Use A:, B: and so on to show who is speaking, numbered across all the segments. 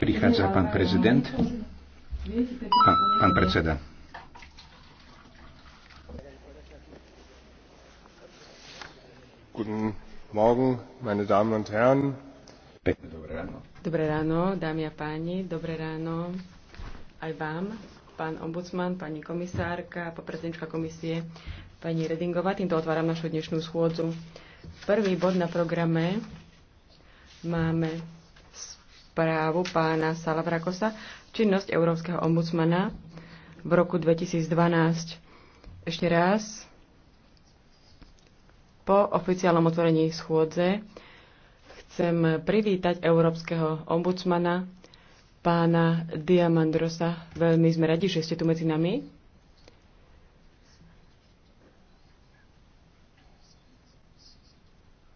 A: Prichádza pán prezident.
B: Pán, pán predseda.
A: Guten Morgen, meine Damen und Herren.
B: Dobré ráno.
A: Dobré ráno, dámy a páni. Dobré ráno aj vám, pán ombudsman, pani komisárka, podpredsednička komisie, pani Redingová. Týmto otváram našu dnešnú schôdzu. Prvý bod na programe máme správu pána Salavrakosa, činnosť Európskeho ombudsmana v roku 2012. Ešte raz, po oficiálnom otvorení schôdze chcem privítať Európskeho ombudsmana pána Diamandrosa. Veľmi sme radi, že ste tu medzi nami.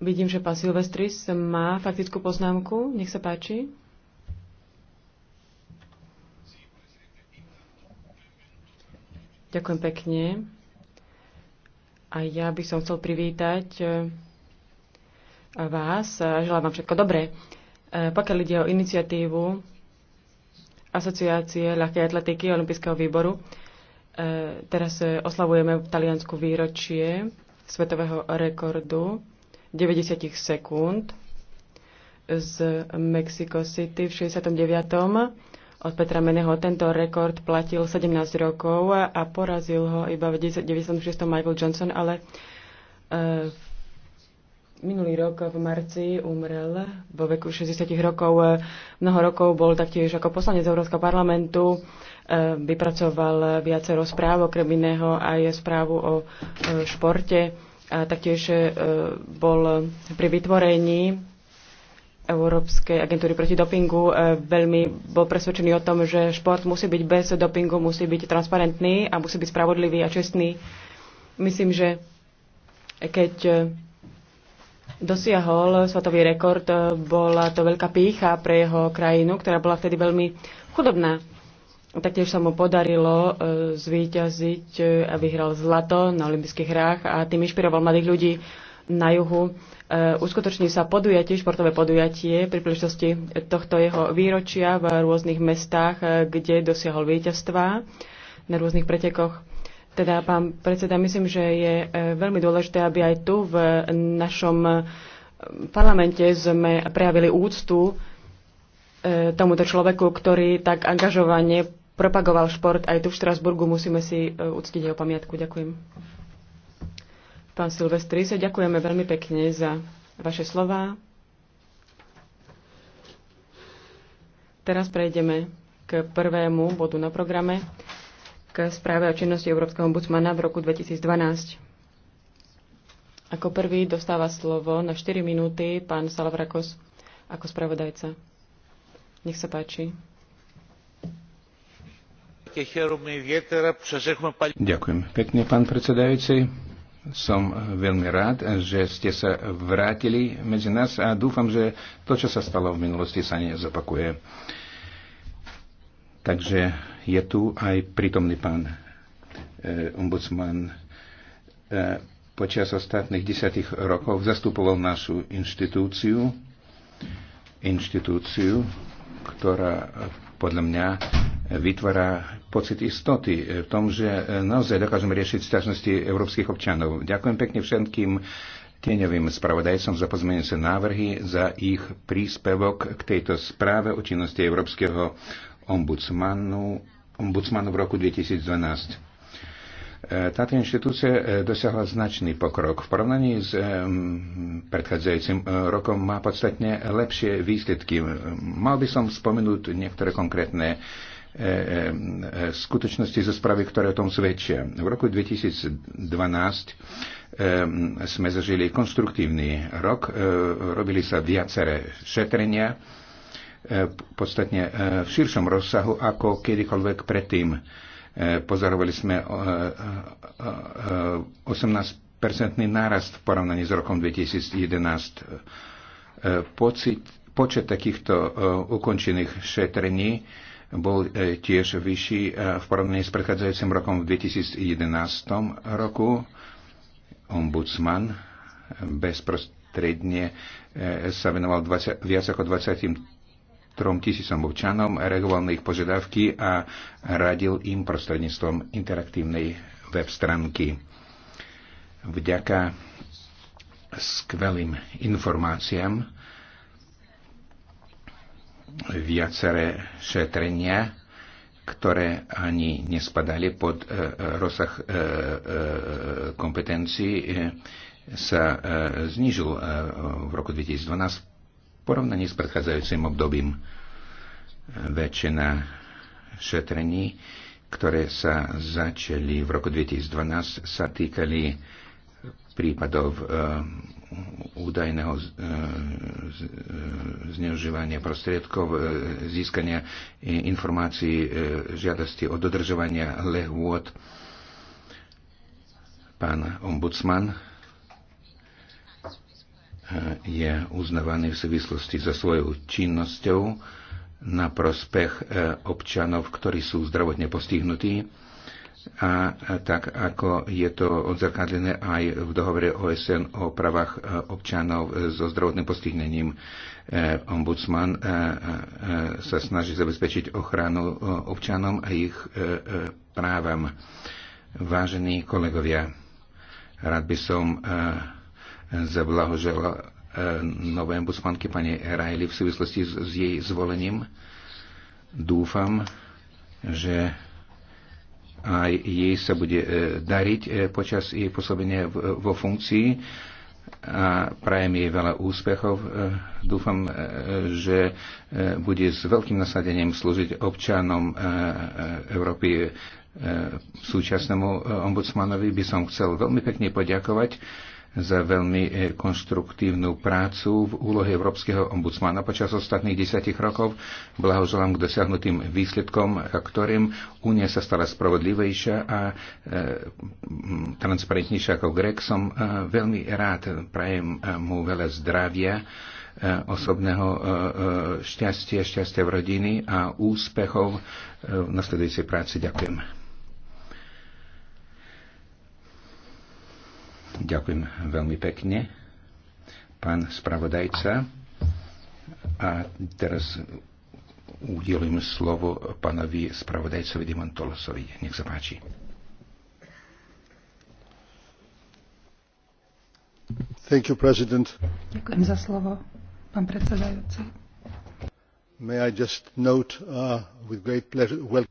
A: Vidím, že pán Silvestris má faktickú poznámku. Nech sa páči. Ďakujem pekne. A ja by som chcel privítať e, vás. Želám vám všetko dobré. E, pokiaľ ide o iniciatívu Asociácie ľahkej atletiky Olympijského výboru, e, teraz oslavujeme v Taliansku výročie svetového rekordu 90 sekúnd z Mexico City v 69. od Petra Meneho. Tento rekord platil 17 rokov a porazil ho iba v 96. Michael Johnson, ale uh, minulý rok v marci umrel vo veku 60 rokov. Mnoho rokov bol taktiež ako poslanec Európskeho parlamentu. Eh, vypracoval viacero správ, okrem iného aj správu o uh, športe a taktiež e, bol pri vytvorení Európskej agentúry proti dopingu e, veľmi bol presvedčený o tom, že šport musí byť bez dopingu, musí byť transparentný a musí byť spravodlivý a čestný. Myslím, že keď e, dosiahol svetový rekord, bola to veľká pícha pre jeho krajinu, ktorá bola vtedy veľmi chudobná. Taktiež sa mu podarilo e, zvíťaziť e, a vyhral zlato na olympijských hrách a tým inšpiroval mladých ľudí na juhu. E, uskutoční sa podujatie, športové podujatie pri príležitosti tohto jeho výročia v rôznych mestách, kde dosiahol víťazstva na rôznych pretekoch. Teda, pán predseda, myslím, že je veľmi dôležité, aby aj tu v našom parlamente sme prejavili úctu tomuto človeku, ktorý tak angažovane propagoval šport aj tu v Štrasburgu. Musíme si e, uctiť jeho pamiatku. Ďakujem. Pán Silvestri, sa ďakujeme veľmi pekne za vaše slova. Teraz prejdeme k prvému bodu na programe, k správe o činnosti Európskeho ombudsmana v roku 2012. Ako prvý dostáva slovo na 4 minúty pán Salavrakos ako spravodajca. Nech sa páči.
B: Ďakujem pekne, pán predsedajúci. Som veľmi rád, že ste sa vrátili medzi nás a dúfam, že to, čo sa stalo v minulosti, sa nezopakuje. Takže je tu aj prítomný pán e, ombudsman. E, počas ostatných desiatých rokov zastupoval našu inštitúciu, inštitúciu, ktorá podľa mňa vytvára pocit istoty v tom, že e, naozaj dokážeme riešiť stiažnosti európskych občanov. Ďakujem pekne všetkým tieňovým spravodajcom za pozmenujúce návrhy, za ich príspevok k tejto správe o činnosti Európskeho ombudsmanu, ombudsmanu v roku 2012. E, táto inštitúcia e, dosiahla značný pokrok. V porovnaní s predchádzajúcim rokom má podstatne lepšie výsledky. Mal by som spomenúť niektoré konkrétne E, e, e, skutočnosti zo správy, ktoré o tom svedčia. V roku 2012 sme zažili konstruktívny rok, robili sa viaceré šetrenia, podstatne v širšom rozsahu ako kedykoľvek predtým. Pozorovali sme 18-percentný nárast v porovnaní s rokom 2011. Pocit, počet takýchto ukončených šetrení bol e, tiež vyšší e, v porovnaní s predchádzajúcim rokom v 2011 roku. Ombudsman bezprostredne e, sa venoval 20, viac ako 23 tisícom občanom, reagoval na ich požiadavky a radil im prostredníctvom interaktívnej web stránky. Vďaka skvelým informáciám viaceré šetrenia, ktoré ani nespadali pod e, e, rozsah e, kompetencií, sa znižil v roku 2012 v porovnaní s predchádzajúcim obdobím. Väčšina šetrení, ktoré sa začali v roku 2012, sa týkali prípadov údajného e, e, zneužívania prostriedkov, e, získania informácií, žiadosti o dodržovania lehôd. Pán ombudsman je uznávaný v súvislosti so svojou činnosťou na prospech občanov, ktorí sú zdravotne postihnutí a tak ako je to odzrkadlené aj v dohovore OSN o pravách e, občanov e, so zdravotným postihnením. E, ombudsman sa snaží zabezpečiť ochranu občanom a ich právam. Vážení kolegovia, rád by som zablahožel nové ombudsmanky pani Rajli v súvislosti s jej zvolením. Dúfam, že aj jej sa bude e, dariť e, počas jej pôsobenia e, vo funkcii a prajem jej veľa úspechov. Dúfam, že bude s veľkým nasadením slúžiť občanom Európy súčasnému ombudsmanovi. By som chcel veľmi pekne poďakovať za veľmi e, konstruktívnu prácu v úlohe Európskeho ombudsmana počas ostatných desiatich rokov. Blahoželám k dosiahnutým výsledkom, ktorým Únia sa stala spravodlivejšia a e, transparentnejšia ako Grek. Som e, veľmi rád, prajem e, mu veľa zdravia e, osobného šťastia, šťastia v rodiny a úspechov v nasledujúcej práci. Ďakujem. Ďakujem veľmi pekne, pán spravodajca. A teraz udelím slovo pánovi spravodajcovi Dimantolosovi.
C: Nech sa páči. Thank You, President.
D: Ďakujem za slovo, pán predsedajúci.
C: May I just Note, uh, with great pleasure, well...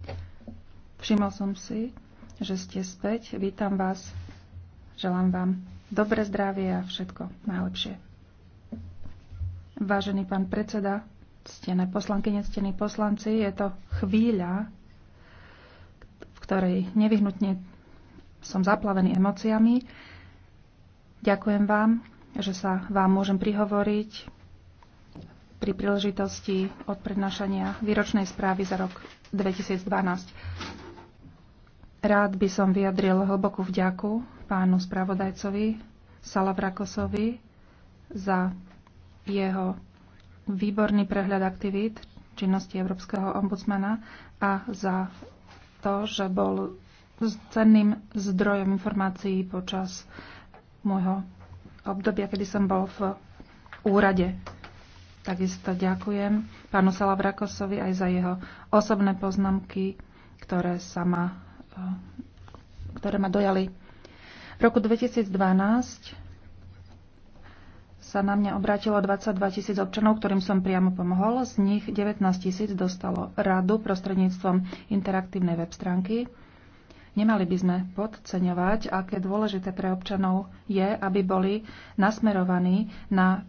D: Všimol som si, že ste späť. Vítam vás Želám vám dobre zdravie a všetko najlepšie. Vážený pán predseda, ctené poslanky, nectení poslanci, je to chvíľa, v ktorej nevyhnutne som zaplavený emóciami. Ďakujem vám, že sa vám môžem prihovoriť pri príležitosti od prednášania výročnej správy za rok 2012. Rád by som vyjadril hlbokú vďaku pánu spravodajcovi Salavrakosovi za jeho výborný prehľad aktivít činnosti Európskeho ombudsmana a za to, že bol cenným zdrojom informácií počas môjho obdobia, kedy som bol v úrade. Takisto ďakujem pánu Salavrakosovi aj za jeho osobné poznámky, ktoré, sa ma, eh, ktoré ma dojali v roku 2012 sa na mňa obrátilo 22 tisíc občanov, ktorým som priamo pomohol. Z nich 19 tisíc dostalo radu prostredníctvom interaktívnej web stránky. Nemali by sme podceňovať, aké dôležité pre občanov je, aby boli nasmerovaní na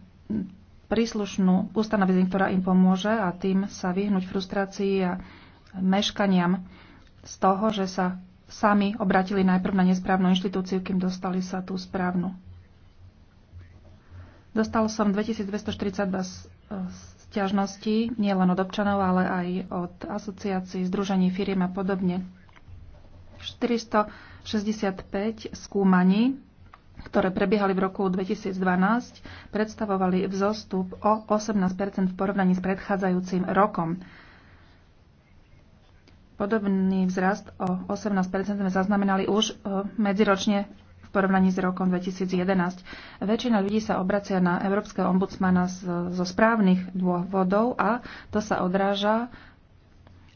D: príslušnú ustanovenie, ktorá im pomôže a tým sa vyhnúť frustrácii a meškaniam z toho, že sa sami obratili najprv na nesprávnu inštitúciu, kým dostali sa tú správnu. Dostal som 2242 stiažností, nielen od občanov, ale aj od asociácií, združení firiem a podobne. 465 skúmaní, ktoré prebiehali v roku 2012, predstavovali vzostup o 18 v porovnaní s predchádzajúcim rokom. Podobný vzrast o 18 sme zaznamenali už e, medziročne v porovnaní s rokom 2011. Väčšina ľudí sa obracia na Európskeho ombudsmana zo správnych dôvodov a to sa odráža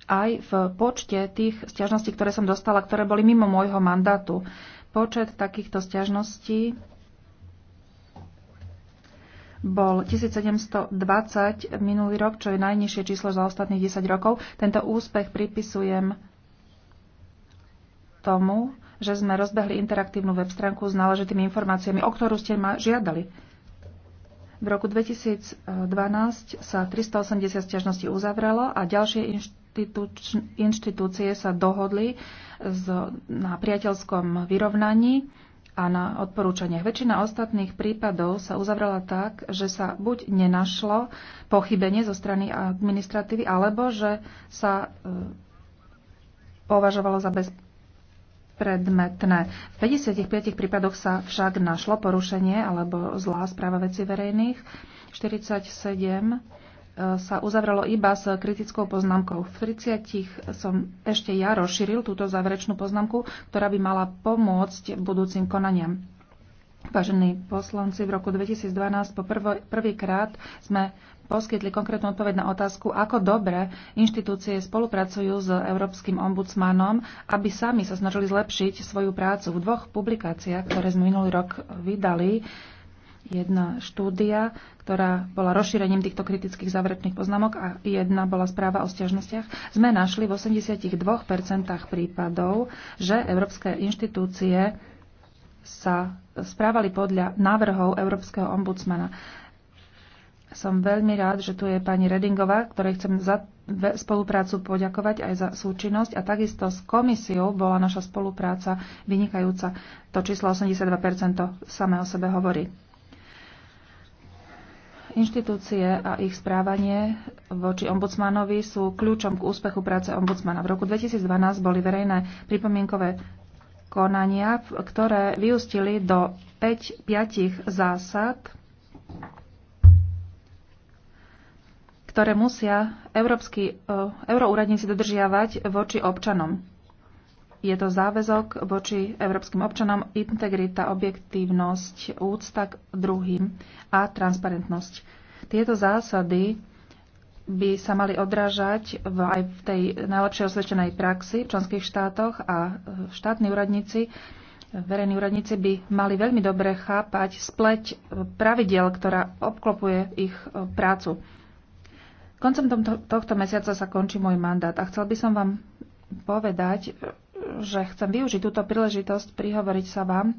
D: aj v počte tých stiažností, ktoré som dostala, ktoré boli mimo môjho mandátu. Počet takýchto stiažností bol 1720 minulý rok, čo je najnižšie číslo za ostatných 10 rokov. Tento úspech pripisujem tomu, že sme rozbehli interaktívnu web stránku s náležitými informáciami, o ktorú ste ma žiadali. V roku 2012 sa 380 stiažností uzavrelo a ďalšie inštitúcie sa dohodli na priateľskom vyrovnaní a na odporúčaniach. Väčšina ostatných prípadov sa uzavrela tak, že sa buď nenašlo pochybenie zo strany administratívy, alebo že sa e, považovalo za predmetné. V 55 prípadoch sa však našlo porušenie alebo zlá správa veci verejných. 47 sa uzavralo iba s kritickou poznámkou. V 30 som ešte ja rozšíril túto záverečnú poznámku, ktorá by mala pomôcť budúcim konaniam. Vážení poslanci, v roku 2012 po prvýkrát sme poskytli konkrétnu odpoveď na otázku, ako dobre inštitúcie spolupracujú s Európskym ombudsmanom, aby sami sa snažili zlepšiť svoju prácu. V dvoch publikáciách, ktoré sme minulý rok vydali, jedna štúdia ktorá bola rozšírením týchto kritických záverečných poznámok a jedna bola správa o stiažnostiach, sme našli v 82% prípadov, že európske inštitúcie sa správali podľa návrhov Európskeho ombudsmana. Som veľmi rád, že tu je pani Redingová, ktorej chcem za spoluprácu poďakovať aj za súčinnosť a takisto s komisiou bola naša spolupráca vynikajúca. To číslo 82% samé o sebe hovorí. Inštitúcie a ich správanie voči ombudsmanovi sú kľúčom k úspechu práce ombudsmana. V roku 2012 boli verejné pripomienkové konania, ktoré vyústili do 5 piatich zásad, ktoré musia európsky, e, euroúradníci dodržiavať voči občanom. Je to záväzok voči európskym občanom, integrita, objektívnosť, úcta k druhým a transparentnosť. Tieto zásady by sa mali odrážať v, aj v tej najlepšej osvedčenej praxi v členských štátoch a e, štátni úradníci, verejní úradníci by mali veľmi dobre chápať spleť e, pravidel, ktorá obklopuje ich e, prácu. Koncom tohto mesiaca sa končí môj mandát a chcel by som vám povedať, že chcem využiť túto príležitosť prihovoriť sa vám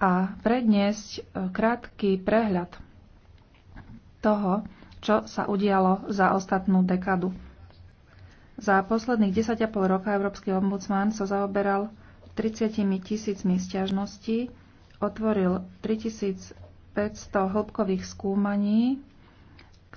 D: a predniesť e, krátky prehľad toho, čo sa udialo za ostatnú dekadu. Za posledných 10,5 roka Európsky ombudsman sa zaoberal 30 tisícmi stiažností, otvoril 3500 hĺbkových skúmaní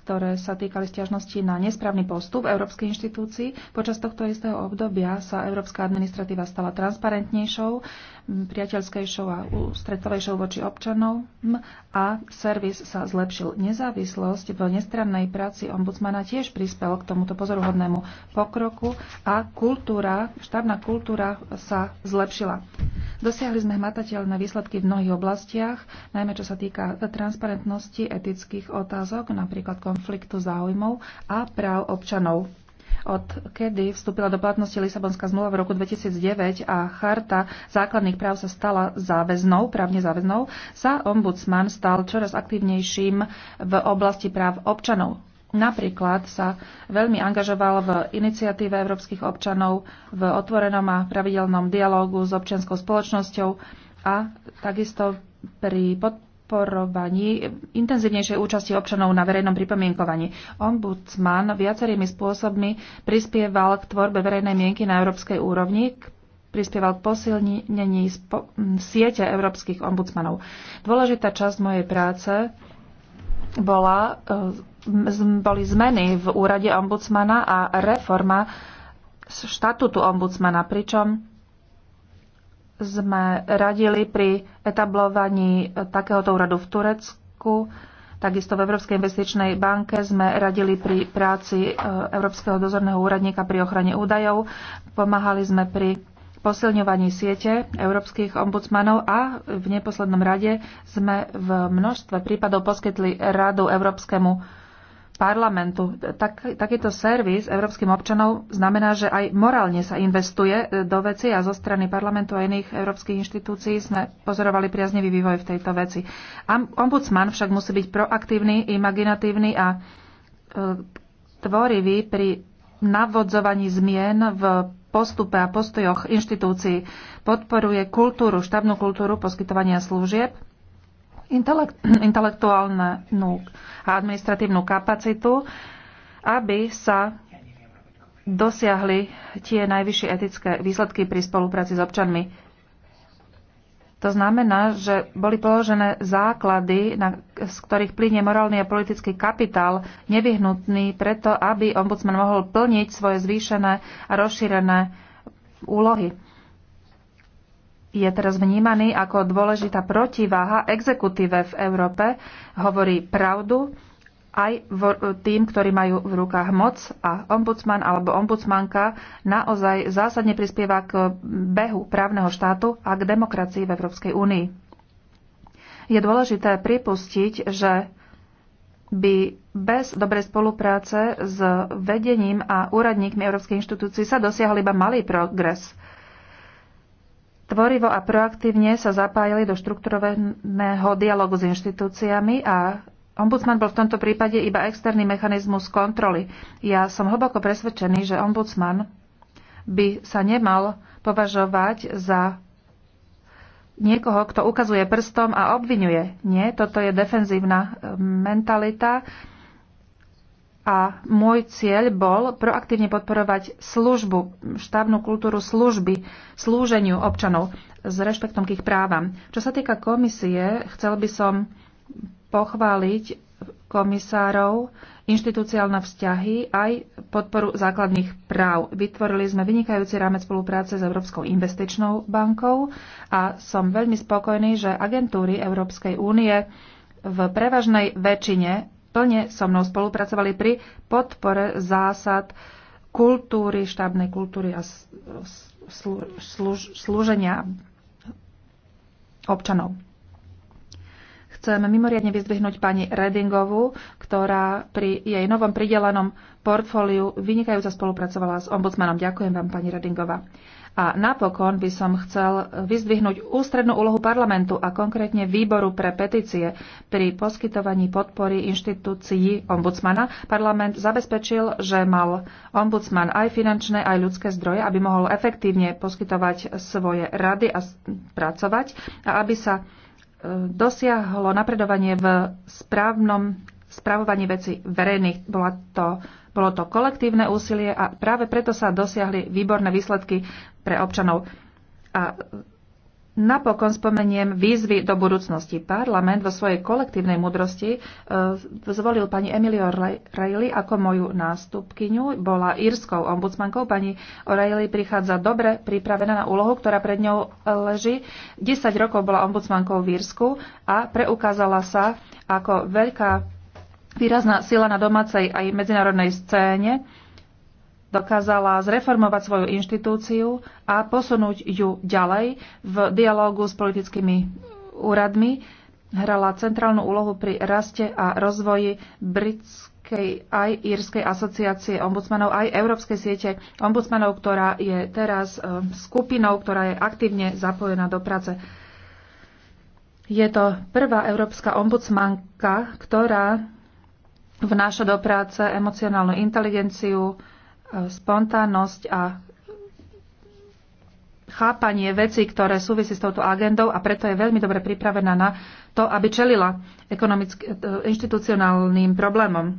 D: ktoré sa týkali stiažnosti na nesprávny postup Európskej inštitúcii. Počas tohto istého obdobia sa európska administratíva stala transparentnejšou, priateľskejšou a ústretovejšou voči občanom a servis sa zlepšil. Nezávislosť v nestrannej práci ombudsmana tiež prispel k tomuto pozoruhodnému pokroku a kultúra, štábna kultúra sa zlepšila. Dosiahli sme hmatateľné výsledky v mnohých oblastiach, najmä čo sa týka transparentnosti etických otázok, napríklad konfliktu záujmov a práv občanov. Od kedy vstúpila do platnosti Lisabonská zmluva v roku 2009 a charta základných práv sa stala záväznou, právne záväznou, sa ombudsman stal čoraz aktívnejším v oblasti práv občanov. Napríklad sa veľmi angažoval v iniciatíve európskych občanov, v otvorenom a pravidelnom dialógu s občianskou spoločnosťou a takisto pri podpore podporovaní intenzívnejšej účasti občanov na verejnom pripomienkovaní. Ombudsman viacerými spôsobmi prispieval k tvorbe verejnej mienky na európskej úrovni, prispieval k posilnení siete európskych ombudsmanov. Dôležitá časť mojej práce bola, e, boli zmeny v úrade ombudsmana a reforma štatútu ombudsmana, pričom sme radili pri etablovaní takéhoto úradu v Turecku. Takisto v Európskej investičnej banke sme radili pri práci e, Európskeho dozorného úradníka pri ochrane údajov. Pomáhali sme pri posilňovaní siete európskych ombudsmanov a v neposlednom rade sme v množstve prípadov poskytli radu Európskemu parlamentu. Tak, takýto servis európskym občanov znamená, že aj morálne sa investuje e, do veci a zo strany parlamentu a iných európskych inštitúcií sme pozorovali priaznevý vývoj v tejto veci. Ombudsman však musí byť proaktívny, imaginatívny a e, tvorivý pri navodzovaní zmien v postupe a postojoch inštitúcií. Podporuje kultúru, štábnu kultúru poskytovania služieb intelektuálnu a administratívnu kapacitu, aby sa dosiahli tie najvyššie etické výsledky pri spolupráci s občanmi. To znamená, že boli položené základy, na, z ktorých plynie morálny a politický kapitál, nevyhnutný preto, aby ombudsman mohol plniť svoje zvýšené a rozšírené úlohy je teraz vnímaný ako dôležitá protiváha exekutíve v Európe, hovorí pravdu aj e, tým, ktorí majú v rukách moc a ombudsman alebo ombudsmanka naozaj zásadne prispieva k behu právneho štátu a k demokracii v Európskej únii. Je dôležité pripustiť, že by bez dobrej spolupráce s vedením a úradníkmi Európskej inštitúcii sa dosiahol iba malý progres – tvorivo a proaktívne sa zapájali do štruktúrovaného dialogu s inštitúciami a ombudsman bol v tomto prípade iba externý mechanizmus kontroly. Ja som hlboko presvedčený, že ombudsman by sa nemal považovať za niekoho, kto ukazuje prstom a obvinuje. Nie, toto je defenzívna mentalita, a môj cieľ bol proaktívne podporovať službu, štávnu kultúru služby, slúženiu občanov s rešpektom k ich právam. Čo sa týka komisie, chcel by som pochváliť komisárov, inštitúciálne vzťahy aj podporu základných práv. Vytvorili sme vynikajúci rámec spolupráce s Európskou investičnou bankou a som veľmi spokojný, že agentúry Európskej únie v prevažnej väčšine plne so mnou spolupracovali pri podpore zásad kultúry, štábnej kultúry a slúženia občanov. Chcem mimoriadne vyzdvihnúť pani Redingovú, ktorá pri jej novom pridelenom portfóliu vynikajúco spolupracovala s ombudsmanom. Ďakujem vám, pani Redingová. A napokon by som chcel vyzdvihnúť ústrednú úlohu parlamentu a konkrétne výboru pre petície. Pri poskytovaní podpory inštitúcií ombudsmana parlament zabezpečil, že mal ombudsman aj finančné, aj ľudské zdroje, aby mohol efektívne poskytovať svoje rady a pracovať a aby sa e, dosiahlo napredovanie v správnom spravovaní veci verejných. Bola to bolo to kolektívne úsilie a práve preto sa dosiahli výborné výsledky pre občanov. A Napokon spomeniem výzvy do budúcnosti. Parlament vo svojej kolektívnej múdrosti e, zvolil pani Emilio O'Reilly ako moju nástupkyňu. Bola írskou ombudsmankou. Pani O'Reilly prichádza dobre pripravená na úlohu, ktorá pred ňou leží. 10 rokov bola ombudsmankou v Írsku a preukázala sa ako veľká výrazná sila na domácej aj medzinárodnej scéne, dokázala zreformovať svoju inštitúciu a posunúť ju ďalej v dialógu s politickými úradmi. Hrala centrálnu úlohu pri raste a rozvoji britskej aj írskej asociácie ombudsmanov, aj Európskej siete ombudsmanov, ktorá je teraz e, skupinou, ktorá je aktívne zapojená do práce. Je to prvá európska ombudsmanka, ktorá vnáša do práce emocionálnu inteligenciu, e, spontánnosť a chápanie vecí, ktoré súvisí s touto agendou a preto je veľmi dobre pripravená na to, aby čelila e, inštitucionálnym problémom.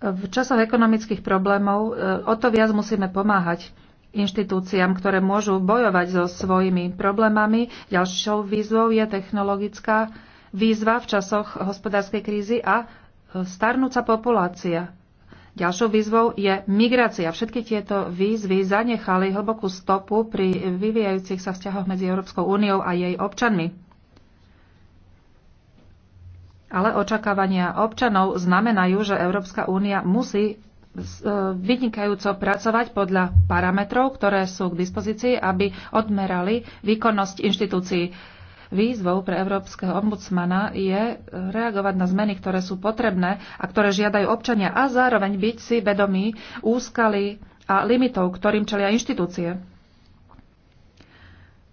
D: V časoch ekonomických problémov e, o to viac musíme pomáhať inštitúciám, ktoré môžu bojovať so svojimi problémami. Ďalšou výzvou je technologická výzva v časoch hospodárskej krízy a e, starnúca populácia. Ďalšou výzvou je migrácia. Všetky tieto výzvy zanechali hlbokú stopu pri vyvíjajúcich sa vzťahoch medzi Európskou úniou a jej občanmi. Ale očakávania občanov znamenajú, že Európska únia musí e, vynikajúco pracovať podľa parametrov, ktoré sú k dispozícii, aby odmerali výkonnosť inštitúcií. Výzvou pre európskeho ombudsmana je e, reagovať na zmeny, ktoré sú potrebné a ktoré žiadajú občania a zároveň byť si vedomí úskaly a limitov, ktorým čelia inštitúcie.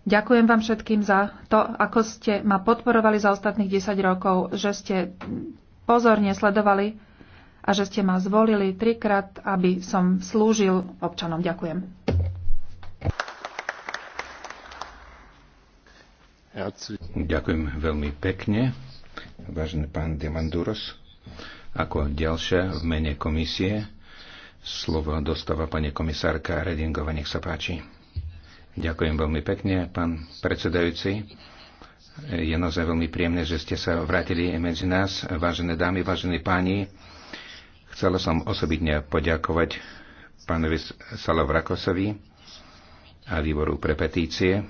D: Ďakujem vám všetkým za to, ako ste ma podporovali za ostatných 10 rokov, že ste pozorne sledovali a že ste ma zvolili trikrát, aby som slúžil občanom. Ďakujem.
B: Ďakujem veľmi pekne, vážený pán Diamanduros. Ako ďalšia v mene komisie slovo dostáva pani komisárka Redingova, nech sa páči. Ďakujem veľmi pekne, pán predsedajúci. Je naozaj veľmi príjemné, že ste sa vrátili medzi nás, vážené dámy, vážení páni. Chcela som osobitne poďakovať pánovi Salavrakosovi a výboru pre petície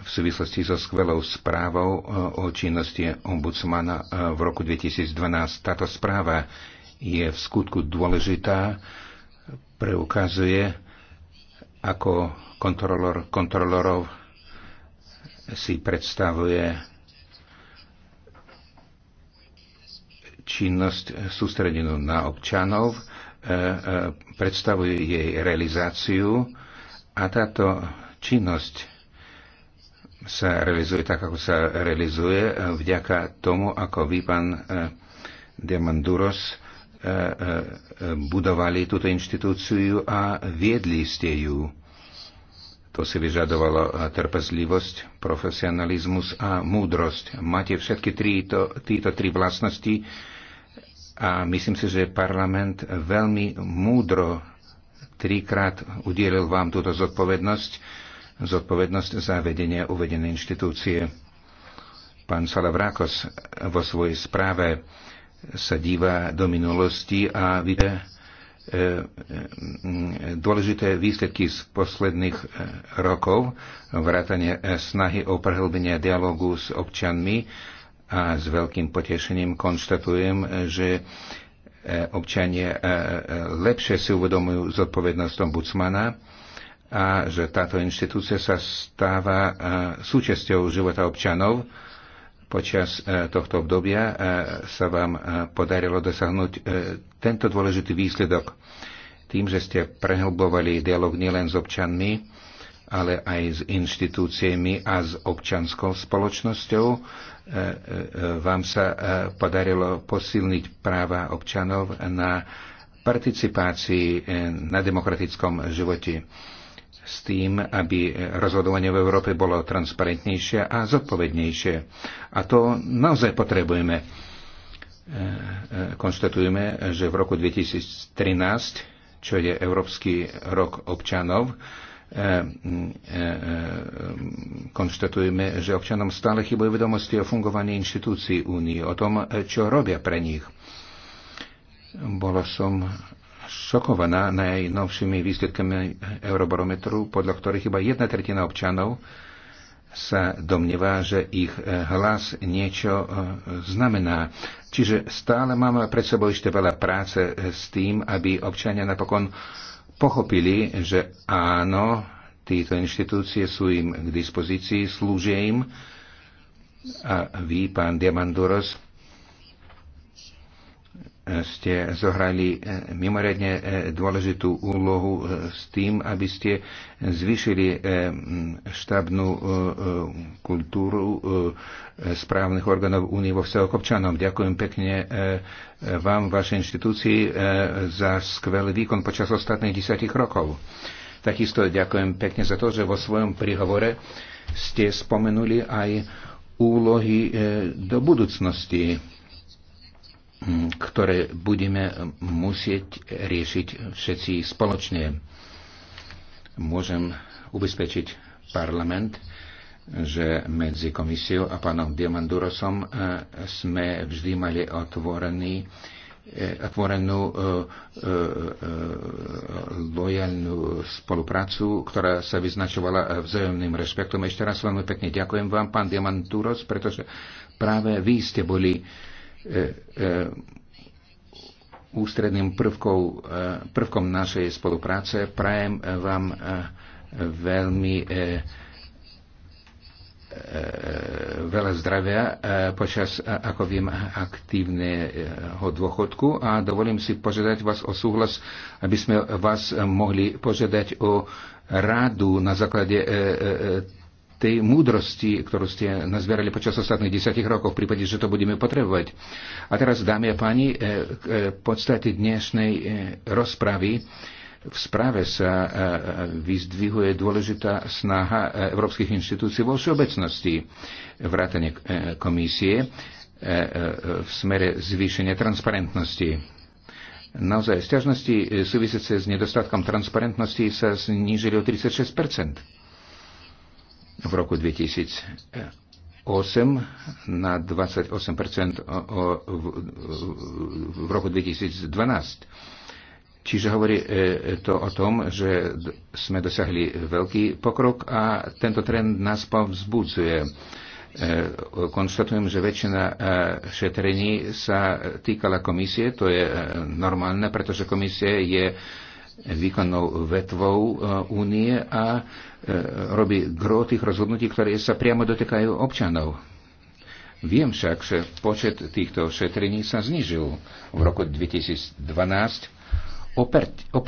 B: v súvislosti so skvelou správou e, o činnosti ombudsmana e, v roku 2012. Táto správa je v skutku dôležitá, preukazuje, ako kontrolor kontrolorov si predstavuje činnosť sústredenú na občanov, e, predstavuje jej realizáciu a táto činnosť sa realizuje tak, ako sa realizuje, e, vďaka tomu, ako vy, pán e, Diamanduros, e, budovali túto inštitúciu a viedli ste ju. To si vyžadovalo trpezlivosť, profesionalizmus a múdrosť. Máte všetky tri, to, títo tri vlastnosti a myslím si, že parlament veľmi múdro trikrát udielil vám túto zodpovednosť zodpovednosť za vedenie uvedenej inštitúcie. Pán Salavrakos vo svojej správe sa díva do minulosti a vidie e, dôležité výsledky z posledných e, rokov, vrátane e, snahy o prehlbenie dialogu s občanmi a s veľkým potešením konštatujem, že občania lepšie si uvedomujú zodpovednosť ombudsmana a že táto inštitúcia sa stáva e, súčasťou života občanov. Počas e, tohto obdobia e, sa vám podarilo dosahnuť tento dôležitý výsledok tým, že ste prehlbovali dialog nielen s občanmi, ale aj s inštitúciami a s občanskou spoločnosťou. Vám sa podarilo posilniť práva občanov na participácii na demokratickom živote s tým, aby rozhodovanie v Európe bolo transparentnejšie a zodpovednejšie. A to naozaj potrebujeme. E, e, konštatujeme, že v roku 2013, čo je Európsky rok občanov, e, konštatujeme, že občanom stále chybujú vedomosti o fungovaní inštitúcií únie, o tom, čo robia pre nich. Bolo som šokovaná najnovšími výsledkami Eurobarometru, podľa ktorých iba jedna tretina občanov sa domnieva, že ich e, hlas niečo e, znamená. Čiže stále máme pred sebou ešte veľa práce e, s tým, aby občania napokon pochopili, že áno, títo inštitúcie sú im k dispozícii, slúžia im. A vy, pán Diamanduros, ste zohrali e, mimoriadne e, dôležitú úlohu e, s tým, aby ste zvýšili štábnu kultúru správnych orgánov únie vo vzťahu k občanom. Ďakujem pekne vám, vašej inštitúcii, za skvelý výkon počas ostatných desiatich rokov. Takisto ďakujem pekne za to, že vo svojom príhovore ste spomenuli aj úlohy do budúcnosti ktoré budeme musieť riešiť všetci spoločne. Môžem ubezpečiť parlament, že medzi komisiou a pánom Diamandurosom e, sme vždy mali otvorený e, otvorenú e, lojalnú spoluprácu, ktorá sa vyznačovala vzájomným rešpektom. Ešte raz veľmi pekne ďakujem vám, pán Diamanturos, pretože práve vy ste boli E, e, ústredným prvkov, e, prvkom našej spolupráce. Prajem vám veľmi veľa zdravia počas, ako viem, aktívneho dôchodku a dovolím si požiadať vás o súhlas, aby sme vás mohli požiadať o radu na základe tej múdrosti, ktorú ste nazbierali počas ostatných desiatich rokov, v prípade, že to budeme potrebovať. A teraz, dámy a páni, e, k e, podstate dnešnej e, rozpravy v správe sa vyzdvihuje dôležitá snaha európskych inštitúcií vo všeobecnosti vrátane komisie v smere zvýšenia transparentnosti. Naozaj, sťažnosti súvisiace s nedostatkom transparentnosti sa znížili o 36 v roku 2008 na 28% v roku 2012. Čiže hovorí e, to o tom, že sme dosiahli veľký pokrok a tento trend nás povzbudzuje. E, konštatujem, že väčšina e, šetrení sa týkala komisie, to je normálne, pretože komisie je výkonnou vetvou únie a E, robí gro tých rozhodnutí, ktoré sa priamo dotýkajú občanov. Viem však, že počet týchto šetrení sa znižil v roku 2012 o, 5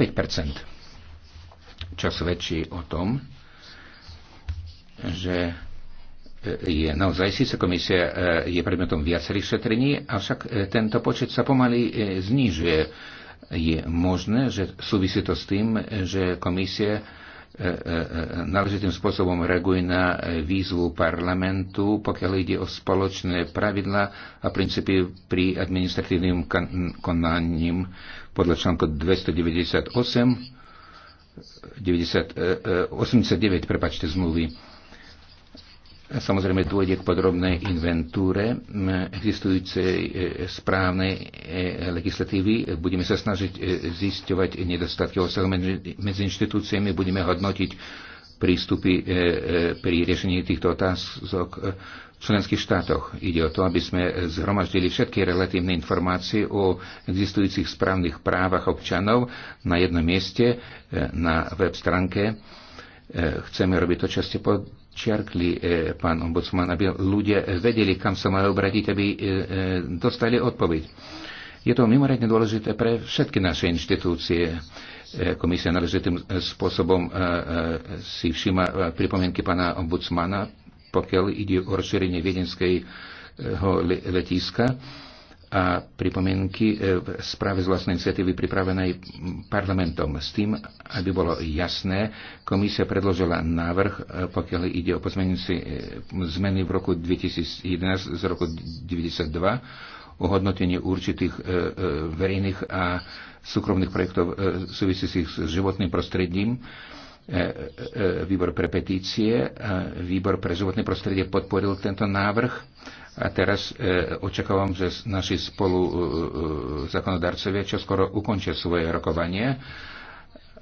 B: čo svedčí o tom, že e, je naozaj síce komisia e, je predmetom viacerých šetrení, avšak tento počet sa pomaly znižuje. Je možné, že súvisí to s tým, že komisia E, e, e, náležitým spôsobom reaguje na výzvu parlamentu, pokiaľ ide o spoločné pravidla a princípy pri administratívnym konaním podľa článku 298 89, prepačte, zmluvy Samozrejme, dôjde k podrobnej inventúre existujúcej e, správnej e, legislatívy. Budeme sa snažiť e, zisťovať nedostatky vzťahu medzi inštitúciami, budeme hodnotiť prístupy pri riešení týchto otázok v členských štátoch. Ide o to, aby sme zhromaždili všetky relatívne informácie o existujúcich správnych právach občanov na jednom mieste, na web stránke. Chceme robiť to časte po e, pán ombudsman, aby ľudia vedeli, kam sa majú obradiť, aby e, e, dostali odpoveď. Je to mimoriadne dôležité pre všetky naše inštitúcie. E, komisia náležitým spôsobom si všíma pripomienky pána ombudsmana, pokiaľ ide o rozšírenie viedenského letiska a pripomienky e, v správe z vlastnej iniciatívy pripravenej parlamentom. S tým, aby bolo jasné, komisia predložila návrh, e, pokiaľ ide o pozmenujúci e, zmeny v roku 2011 z roku 1992 o hodnotení určitých verejných a súkromných projektov súvisiacich s životným prostredím výbor pre petície, výbor pre životné prostredie podporil tento návrh a teraz e, očakávam, že naši spolu e, e zákonodarcovia čoskoro ukončia svoje rokovanie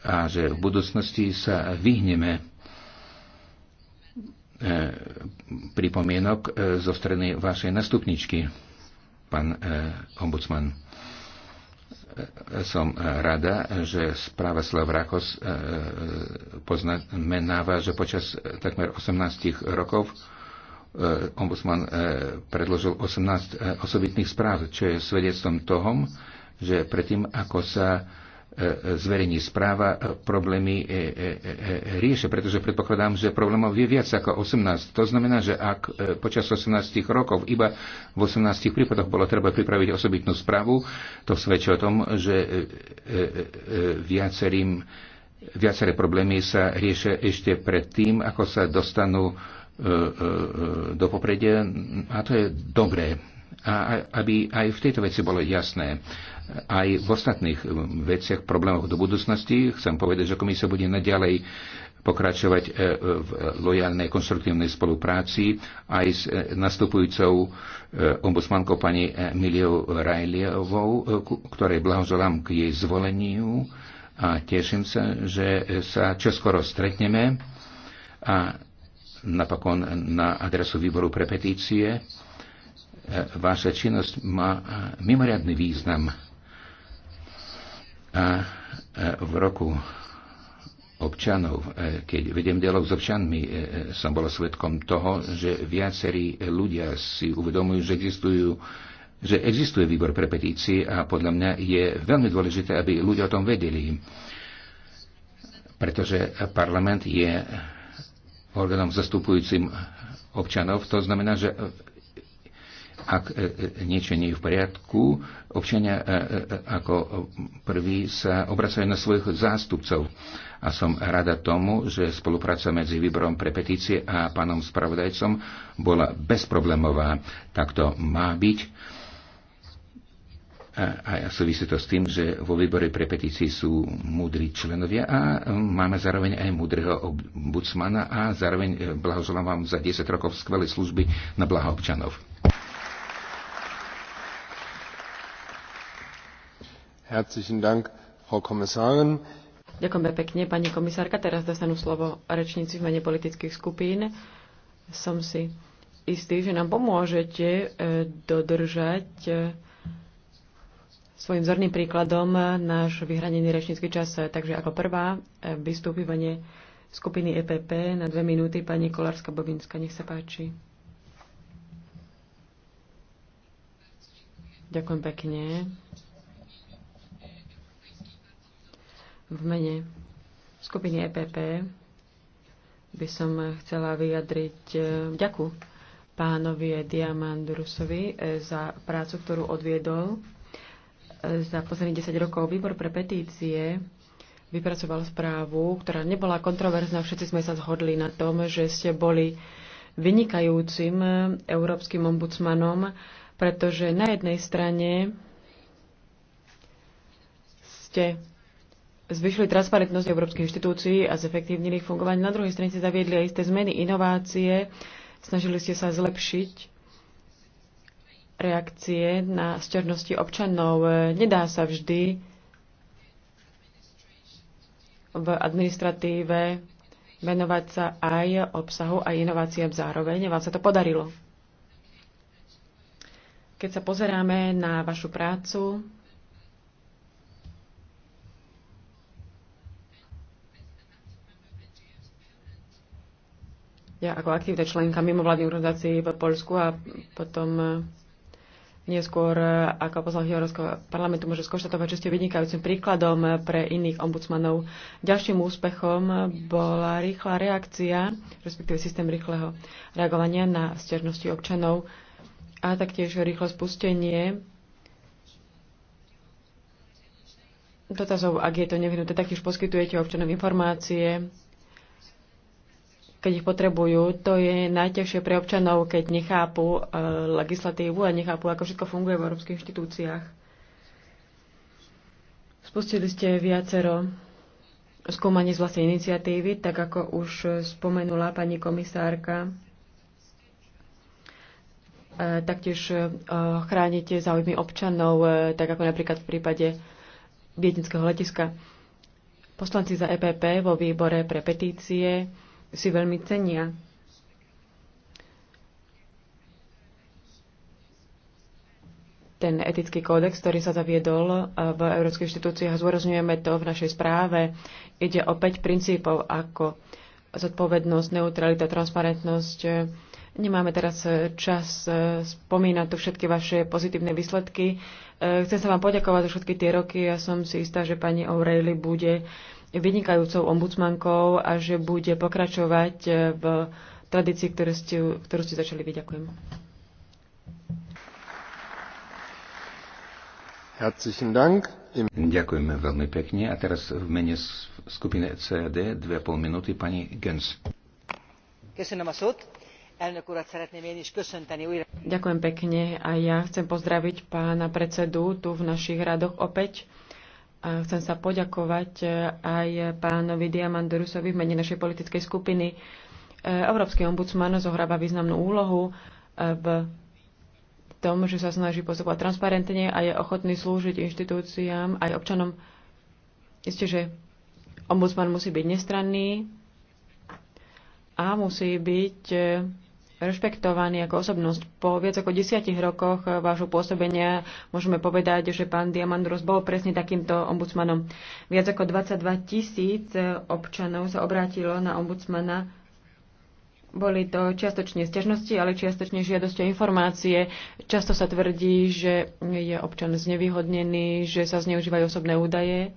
B: a že v budúcnosti sa vyhneme e, pripomienok e, zo strany vašej nastupničky, pán e, ombudsman. E, som rada, že správa Slavrakos e, poznamenáva, že počas takmer 18 rokov E, ombudsman e, predložil 18 e, osobitných správ, čo je svedectvom toho, že predtým, ako sa zverejní správa, problémy riešia, pretože predpokladám, že problémov je viac ako 18. To znamená, že ak počas 18 rokov iba v 18 prípadoch bolo treba pripraviť osobitnú správu, to svedčí o tom, že viacerým, viaceré problémy sa riešia ešte pred tým, ako sa dostanú E, e, e, do popredia a to je dobré. A aby aj v tejto veci bolo jasné, aj v ostatných veciach, problémoch do budúcnosti, chcem povedať, že komisia bude naďalej pokračovať v lojálnej konstruktívnej spolupráci aj s nastupujúcou ombudsmankou pani Miliou Rajliovou, ktorej blahoželám k jej zvoleniu a teším sa, že sa čoskoro stretneme a napokon na adresu výboru pre petície. E, vaša činnosť má mimoriadný význam. A e, v roku občanov, e, keď vedem dialog s občanmi, som bol svetkom toho, že viacerí ľudia si uvedomujú, že existujú že existuje výbor pre petície a podľa mňa je veľmi dôležité, aby ľudia o tom vedeli, pretože parlament je orgánom zastupujúcim občanov. To znamená, že ak e, e, niečo nie je v poriadku, občania e, ako prví sa obracajú na svojich zástupcov. A som rada tomu, že spolupráca medzi výborom pre petície a pánom spravodajcom bola bezproblémová. Tak to má byť a súvisí to s tým, že vo výbore pre petícii sú múdri členovia a máme zároveň aj múdreho ombudsmana a zároveň e, blahoželám vám za 10 rokov skvelej služby na blaho občanov. Herzlichen Dank, Frau Kommissarin.
A: Ďakujeme pekne, pani komisárka. Teraz dostanú slovo rečníci v mene politických skupín. Som si istý, že nám pomôžete e, dodržať e, svojim vzorným príkladom náš vyhranený rečnícky čas. Takže ako prvá eh, vystúpivanie skupiny EPP na dve minúty pani Kolárska-Bobinska. Nech sa páči. Ďakujem pekne. V mene skupiny EPP by som chcela vyjadriť eh, vďaku pánovi Diamandurusovi eh, za prácu, ktorú odviedol za posledných 10 rokov. Výbor pre petície vypracoval správu, ktorá nebola kontroverzná. Všetci sme sa zhodli na tom, že ste boli vynikajúcim európskym ombudsmanom, pretože na jednej strane ste zvyšili transparentnosť európskych inštitúcií a zefektívnili ich fungovanie. Na druhej strane ste zaviedli aj isté zmeny, inovácie, snažili ste sa zlepšiť reakcie na sťažnosti občanov. Nedá sa vždy v administratíve venovať sa aj obsahu a inováciám zároveň. Vám sa to podarilo. Keď sa pozeráme na vašu prácu, ja ako aktívna členka mimovládnej organizácií v Polsku a potom neskôr e, ako poslanky Európskeho parlamentu môže skonštatovať, že ste vynikajúcim príkladom pre iných ombudsmanov. Ďalším úspechom bola rýchla reakcia, respektíve systém rýchleho reagovania na stiažnosti občanov a taktiež rýchlo spustenie dotazov, ak je to nevyhnuté, taktiež poskytujete občanom informácie keď ich potrebujú. To je najťažšie pre občanov, keď nechápu e, legislatívu a nechápu, ako všetko funguje v európskych inštitúciách. Spustili ste viacero skúmaní z vlastnej iniciatívy, tak ako už spomenula pani komisárka. E, taktiež e, chránite záujmy občanov, tak ako napríklad v prípade Viedenského letiska. Poslanci za EPP vo výbore pre petície si veľmi cenia. Ten etický kódex, ktorý sa zaviedol e, v Európskej inštitúcii a zôrazňujeme to v našej správe, ide o 5 princípov ako zodpovednosť, neutralita, transparentnosť. E, nemáme teraz e, čas spomínať tu všetky vaše pozitívne výsledky. Chcem sa vám poďakovať za všetky tie roky. Ja som si istá, že pani O'Reilly bude vynikajúcou ombudsmankou a že bude pokračovať eh, v tradícii, ktorú ste, ktorú ste začali vy. Ďakujem.
B: Ďakujeme veľmi pekne. A teraz v mene skupiny CAD 2,5 minúty pani Gens.
A: Ďakujem pekne a ja chcem pozdraviť pána predsedu tu v našich radoch opäť. A chcem sa poďakovať e, aj pánovi Diamandurusovi v mene našej politickej skupiny. E, Európsky ombudsman zohráva významnú úlohu e, v tom, že sa snaží postupovať transparentne a je ochotný slúžiť inštitúciám aj občanom. Isté, že ombudsman musí byť nestranný a musí byť rešpektovaný ako osobnosť. Po viac ako desiatich rokoch eh, vášho pôsobenia môžeme povedať, že pán Diamandros bol presne takýmto ombudsmanom. Viac ako 22 tisíc eh, občanov sa obrátilo na ombudsmana. Boli to čiastočne stiažnosti, ale čiastočne žiadosti o informácie. Často sa tvrdí, že je občan znevýhodnený, že sa zneužívajú osobné údaje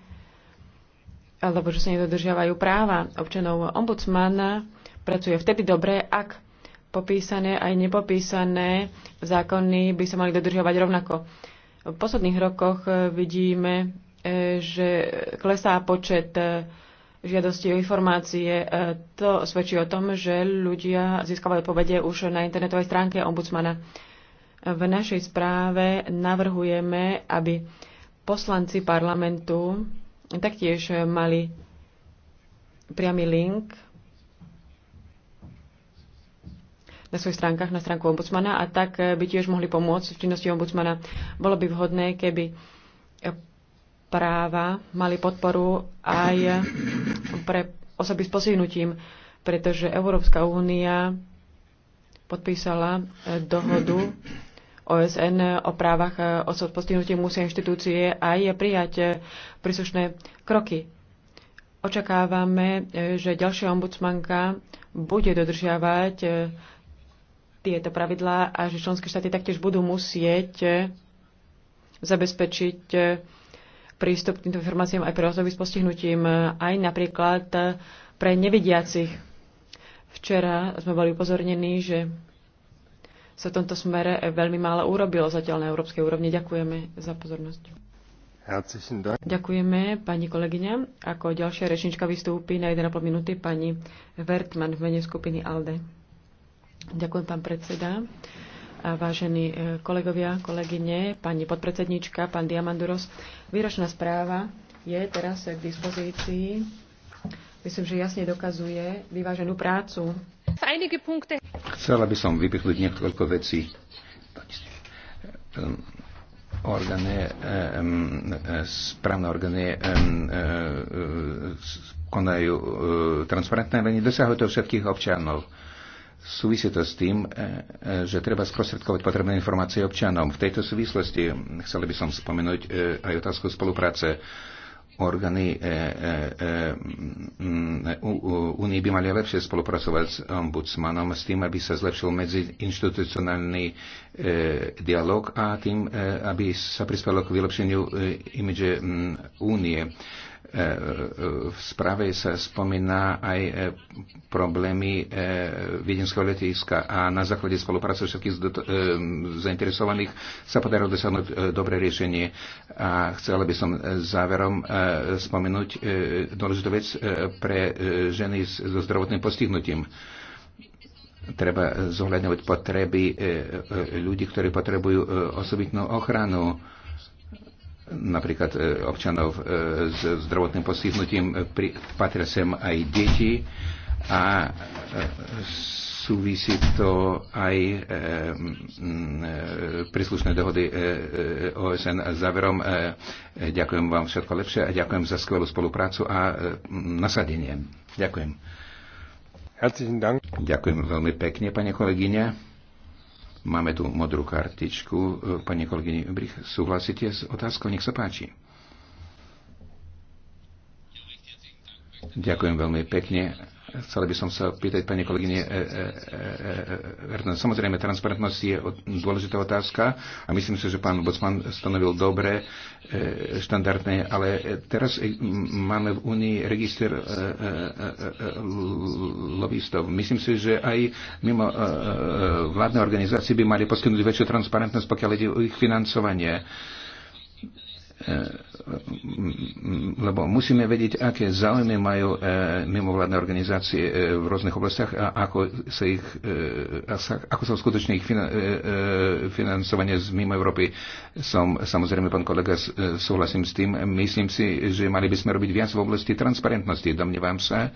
A: alebo že sa nedodržiavajú práva občanov. Ombudsman pracuje vtedy dobre, ak popísané aj nepopísané zákony by sa mali dodržiavať rovnako. V posledných rokoch e, vidíme, e, že klesá počet e, žiadosti o informácie. To svedčí o tom, že ľudia získavajú odpovede už na internetovej stránke ombudsmana. V našej správe navrhujeme, aby poslanci parlamentu taktiež mali priamy link na svojich stránkach, na stránku ombudsmana a tak eh, by tiež mohli pomôcť v činnosti ombudsmana. Bolo by vhodné, keby eh, práva mali podporu aj eh, pre osoby s postihnutím, pretože Európska únia podpísala dohodu OSN o právach osob s postihnutím musia inštitúcie aj prijať príslušné kroky očakávame, že ďalšia ombudsmanka bude dodržiavať tieto pravidlá a že členské štáty taktiež budú musieť zabezpečiť prístup k týmto informáciám aj pre osoby s postihnutím, aj napríklad pre nevidiacich. Včera sme boli upozornení, že sa v tomto smere veľmi málo urobilo zatiaľ na európskej úrovni. Ďakujeme za pozornosť. Ďakujeme, pani kolegyňa. Ako ďalšia rečnička vystúpi na 1,5 minúty pani Vertman v mene skupiny ALDE. Ďakujem, pán predseda. A vážení e, kolegovia, kolegyne, pani podpredsednička, pán Diamanduros, výročná správa je teraz k dispozícii. Myslím, že jasne dokazuje vyváženú prácu.
B: Chcela by som vypichnúť niekoľko vecí. Orgány, správne orgány konajú e, transparentné, ale nedosahujú to všetkých občanov Súvisí to s tým, e, e, že treba sprostredkovať potrebné informácie občanom. V tejto súvislosti chceli by som spomenúť e, aj otázku spolupráce. Orgány Únie by mali lepšie spolupracovať s ombudsmanom s tým, aby sa zlepšil medziinstitucionálny dialog a tým, aby sa prispelo k vylepšeniu imidže Únie. E, E, v správe sa spomína aj e, problémy e, viedenského letiska a na základe spolupráce všetkých zainteresovaných sa podarilo dosiahnuť dobré riešenie. A chcela by som záverom spomenúť dôležitú vec pre ženy so zdravotným postihnutím treba zohľadňovať potreby ľudí, ktorí potrebujú osobitnú ochranu napríklad e, občanov e, s zdravotným postihnutím, e, patria sem aj deti a súvisí to aj príslušné dohody OSN a záverom. Ďakujem vám všetko lepšie a ďakujem za skvelú spoluprácu a nasadenie. Ďakujem. Ďakujem veľmi pekne, pani kolegyňa. Máme tu modrú kartičku. E, pani kolegyni Brich, súhlasíte s otázkou? Nech sa páči. Ďakujem veľmi pekne. Chcel by som sa pýtať pani kolegyne e, e, e, e Samozrejme, transparentnosť je dôležitá otázka a myslím si, že pán Bocman stanovil dobre, štandardné, ale teraz máme v Únii register lobbystov. Myslím si, že aj mimo vládne organizácie by mali poskytnúť väčšiu transparentnosť, pokiaľ ide o ich financovanie Eh, lebo musíme vedieť, aké záujmy majú eh, mimovládne organizácie eh, v rôznych oblastiach a ako sa, ich, ako sa skutočne ich financovanie z mimo Európy. Som, samozrejme, pán kolega, súhlasím s tým. Myslím si, že mali by sme robiť viac v oblasti transparentnosti. Domnievam sa,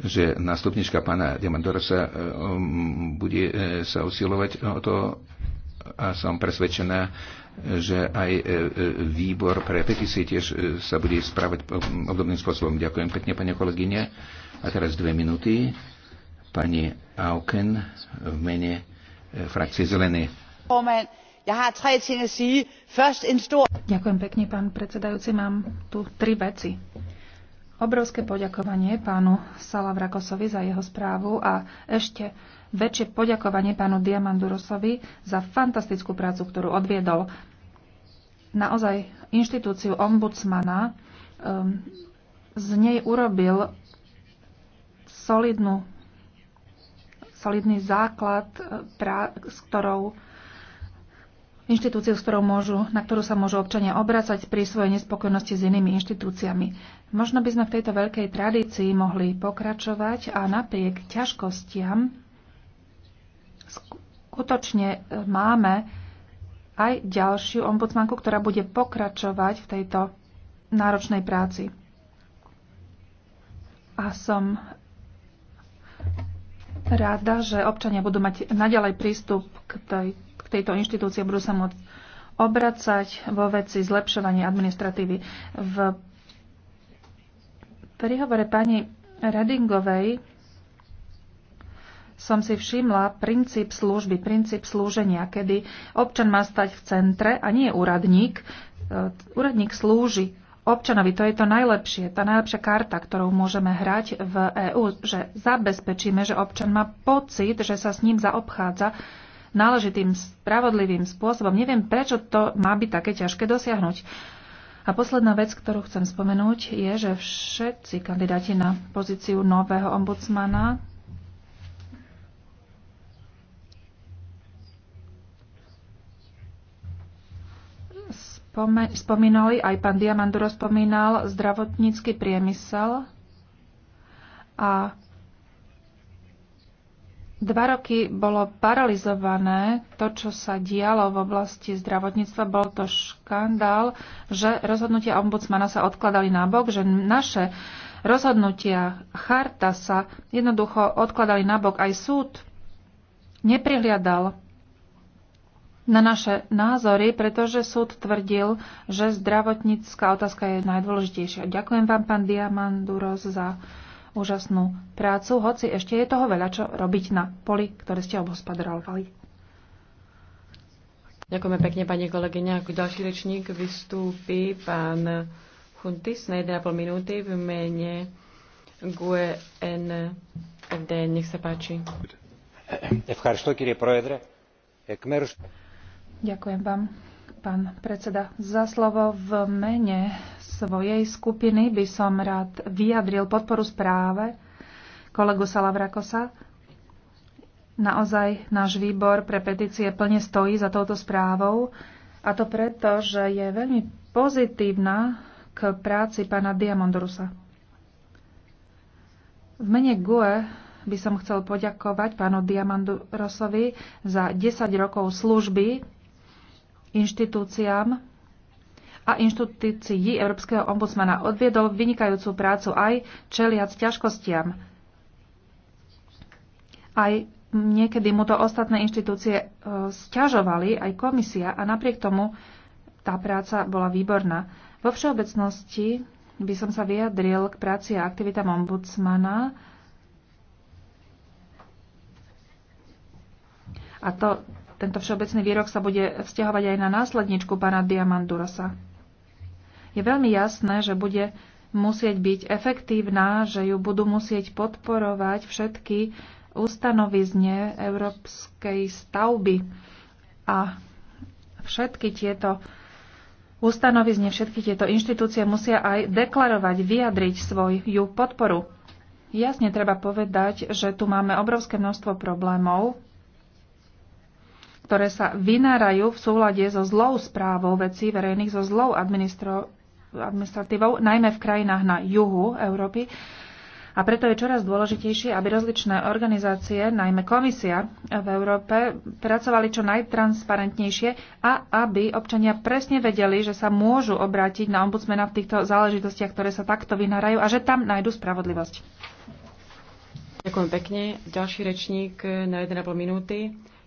B: že nástupnička pána Diamandorasa um, bude sa usilovať o to a som presvedčená, že aj e, e, výbor pre petície tiež e, sa bude správať obdobným spôsobom. Ďakujem pekne, pani kolegyne. A teraz dve minúty. Pani Auken v mene frakcie Zelený.
D: Ďakujem pekne, pán predsedajúci. Mám tu tri veci. Obrovské poďakovanie pánu Salavrakosovi za jeho správu a ešte väčšie poďakovanie pánu Diamandurosovi za fantastickú prácu, ktorú odviedol. Naozaj inštitúciu ombudsmana um, z nej urobil solidnú, solidný základ, uh, pra, s ktorou inštitúciu, s ktorou môžu, na ktorú sa môžu občania obracať pri svojej nespokojnosti s inými inštitúciami. Možno by sme v tejto veľkej tradícii mohli pokračovať a napriek ťažkostiam skutočne e, máme aj ďalšiu ombudsmanku, ktorá bude pokračovať v tejto náročnej práci. A som rada, že občania budú mať naďalej prístup k, tej, k tejto inštitúcii budú sa môcť obracať vo veci zlepšovania administratívy. V prihovore pani Redingovej som si všimla princíp služby, princíp slúženia, kedy občan má stať v centre a nie úradník. E, úradník slúži občanovi, to je to najlepšie, tá najlepšia karta, ktorou môžeme hrať v EÚ, že zabezpečíme, že občan má pocit, že sa s ním zaobchádza náležitým, spravodlivým spôsobom. Neviem, prečo to má byť také ťažké dosiahnuť. A posledná vec, ktorú chcem spomenúť, je, že všetci kandidáti na pozíciu nového ombudsmana spomínali, aj pán Diamanduro spomínal, zdravotnícky priemysel a dva roky bolo paralizované to, čo sa dialo v oblasti zdravotníctva. Bol to škandál, že rozhodnutia ombudsmana sa odkladali nabok, že naše rozhodnutia, charta sa jednoducho odkladali nabok. Aj súd neprihliadal na naše názory, pretože súd tvrdil, že zdravotnícká otázka je najdôležitejšia. Ďakujem vám, pán Diamanduros, za úžasnú prácu, hoci ešte je toho veľa, čo robiť na poli, ktoré ste obhospodarovali.
A: Ďakujeme pekne, pani kolegyňa. Ako ďalší rečník vystúpi pán Chuntis na 1,5 minúty v mene GUE Nech sa páči.
B: Ευχαριστώ κύριε Πρόεδρε. Εκ
D: Ďakujem vám, pán predseda, za slovo. V mene svojej skupiny by som rád vyjadril podporu správe kolegu Salavrakosa. Naozaj náš výbor pre petície plne stojí za touto správou a to preto, že je veľmi pozitívna k práci pána Diamondorusa. V mene GUE by som chcel poďakovať pánu Diamandurosovi za 10 rokov služby inštitúciám a inštitúcii Európskeho ombudsmana. Odviedol vynikajúcu prácu aj čeliac ťažkostiam. Aj niekedy mu to ostatné inštitúcie e, sťažovali, aj komisia, a napriek tomu tá práca bola výborná. Vo všeobecnosti by som sa vyjadril k práci a aktivitám ombudsmana a to tento všeobecný výrok sa bude vzťahovať aj na následničku pána Diamandurosa. Je veľmi jasné, že bude musieť byť efektívna, že ju budú musieť podporovať všetky ustanovizne európskej stavby. A všetky tieto ustanovizne, všetky tieto inštitúcie musia aj deklarovať, vyjadriť svoju podporu. Jasne treba povedať, že tu máme obrovské množstvo problémov, ktoré sa vynárajú v súlade so zlou správou vecí verejných, so zlou administratívou, najmä v krajinách na juhu Európy. A preto je čoraz dôležitejšie, aby rozličné organizácie, najmä komisia v Európe, pracovali čo najtransparentnejšie a aby občania presne vedeli, že sa môžu obrátiť na ombudsmena v týchto záležitostiach, ktoré sa takto vynárajú a že tam nájdu spravodlivosť.
A: Ďakujem pekne. Ďalší rečník na 1,5 minúty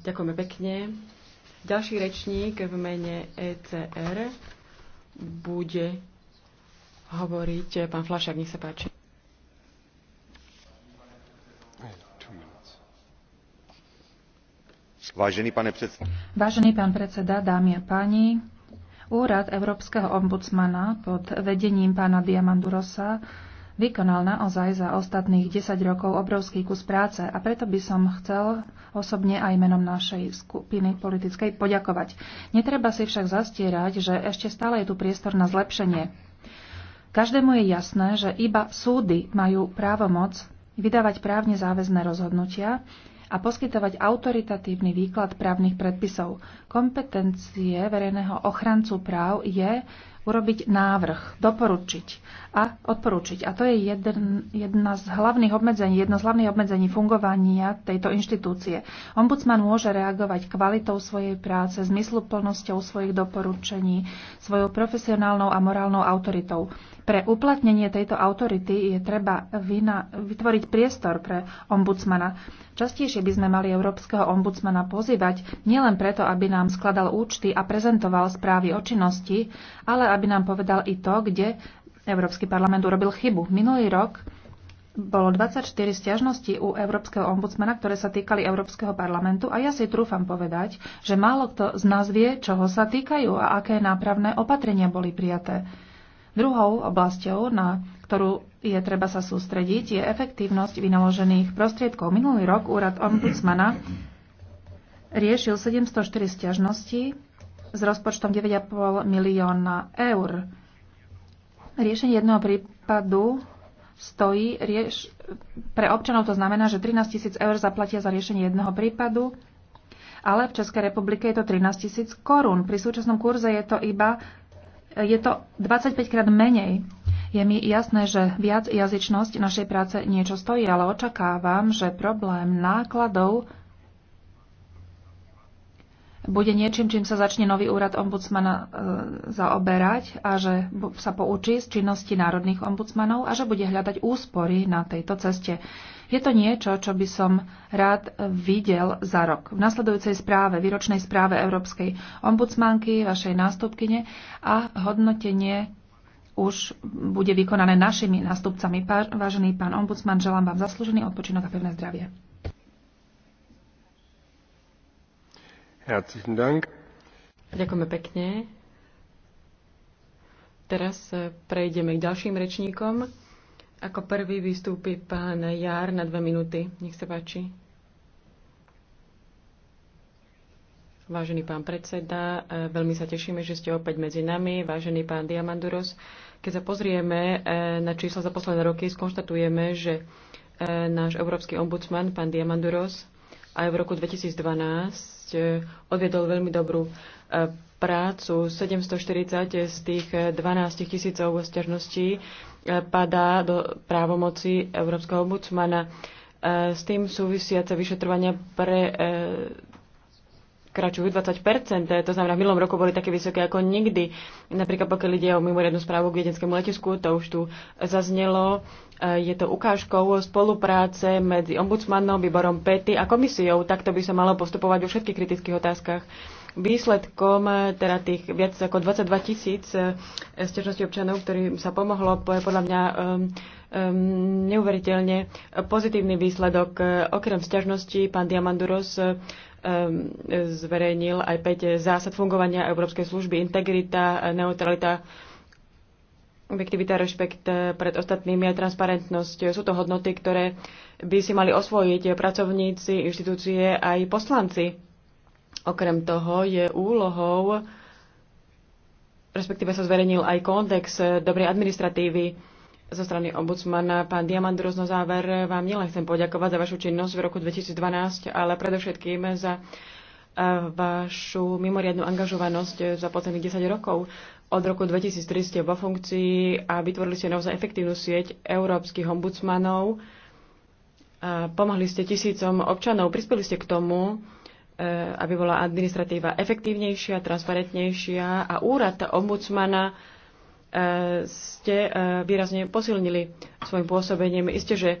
A: Ďakujeme pekne. Ďalší rečník v mene ECR bude hovoriť pán Flašák, nech sa páči.
B: Vážený, pane predseda.
D: Vážený pán predseda, dámy a páni, Úrad Európskeho ombudsmana pod vedením pána Diamandurosa vykonal naozaj za ostatných 10 rokov obrovský kus práce a preto by som chcel osobne aj menom našej skupiny politickej poďakovať. Netreba si však zastierať, že ešte stále je tu priestor na zlepšenie. Každému je jasné, že iba súdy majú právomoc vydávať právne záväzné rozhodnutia a poskytovať autoritatívny výklad právnych predpisov. Kompetencie verejného ochrancu práv je urobiť návrh, doporučiť a odporúčiť. A to je jeden, jedna z hlavných obmedzení, jedno z hlavných obmedzení fungovania tejto inštitúcie. Ombudsman môže reagovať kvalitou svojej práce, zmysluplnosťou svojich doporučení, svojou profesionálnou a morálnou autoritou. Pre uplatnenie tejto autority je treba vina, vytvoriť priestor pre ombudsmana. Častejšie by sme mali európskeho ombudsmana pozývať nielen preto, aby nám skladal účty a prezentoval správy o činnosti, ale aby nám povedal i to, kde Európsky parlament urobil chybu. Minulý rok bolo 24 stiažností u Európskeho ombudsmana, ktoré sa týkali Európskeho parlamentu a ja si trúfam povedať, že málo kto z nás vie, čoho sa týkajú a aké nápravné opatrenia boli prijaté. Druhou oblasťou, na ktorú je treba sa sústrediť, je efektívnosť vynaložených prostriedkov. Minulý rok úrad ombudsmana riešil 704 stiažnosti s rozpočtom 9,5 milióna eur. Riešenie jedného prípadu stojí rieš... pre občanov to znamená, že 13 tisíc eur zaplatia za riešenie jedného prípadu, ale v Českej republike je to 13 tisíc korún. Pri súčasnom kurze je to iba je to 25 krát menej. Je mi jasné, že viac jazyčnosť našej práce niečo stojí, ale očakávam, že problém nákladov bude niečím, čím sa začne nový úrad ombudsmana e, zaoberať a že sa poučí z činnosti národných ombudsmanov a že bude hľadať úspory na tejto ceste. Je to niečo, čo by som rád videl za rok. V nasledujúcej správe, výročnej správe Európskej ombudsmanky, vašej nástupkyne a hodnotenie už bude vykonané našimi nástupcami. Vážený pán ombudsman, želám vám zaslúžený odpočinok a pevné zdravie.
C: Herzlichen Dank.
A: Ďakujeme pekne. Teraz eh, prejdeme k ďalším rečníkom. Ako prvý vystúpi pán Jár na dve minúty. Nech sa páči. Vážený pán predseda, eh, veľmi sa tešíme, že ste opäť medzi nami. Vážený pán Diamanduros, keď sa pozrieme eh, na čísla za posledné roky, skonštatujeme, že náš európsky ombudsman, pán Diamanduros, aj v roku 2012 eh, odviedol veľmi dobrú eh, prácu. 740 z tých 12 eh, tisícov stiažností padá do právomoci Európskeho ombudsmana. S tým súvisiace vyšetrovania pre kračujú 20 To znamená, v minulom roku boli také vysoké ako nikdy. Napríklad pokiaľ ide o mimoriadnu správu k viedenskému letisku, to už tu zaznelo. E, je to ukážkou spolupráce medzi ombudsmanom, výborom PETY a komisiou. Takto by sa malo postupovať vo všetkých kritických otázkach. Výsledkom e, teda tých viac ako 22 tisíc e, stežností občanov, ktorým sa pomohlo, je podľa mňa um, um, neuveriteľne pozitívny výsledok. Okrem stiažností pán Diamanduros Um, zverejnil aj 5 zásad fungovania Európskej služby. Integrita, neutralita, objektivita, rešpekt eh, pred ostatnými a transparentnosť. Sú to hodnoty, ktoré by si mali osvojiť pracovníci, inštitúcie aj poslanci. Okrem toho je úlohou, respektíve sa zverejnil aj kódex dobrej administratívy, zo strany ombudsmana. Pán Diamandros, na záver vám nielen chcem poďakovať za vašu činnosť v roku 2012, ale predovšetkým za eh, vašu mimoriadnú angažovanosť za posledných 10 rokov. Od roku 2003 ste vo funkcii a vytvorili ste naozaj efektívnu sieť európskych ombudsmanov. Pomohli ste tisícom občanov, prispeli ste k tomu, eh, aby bola administratíva efektívnejšia, transparentnejšia a úrad ombudsmana ste eh, výrazne posilnili svojim pôsobením. Isté, že eh,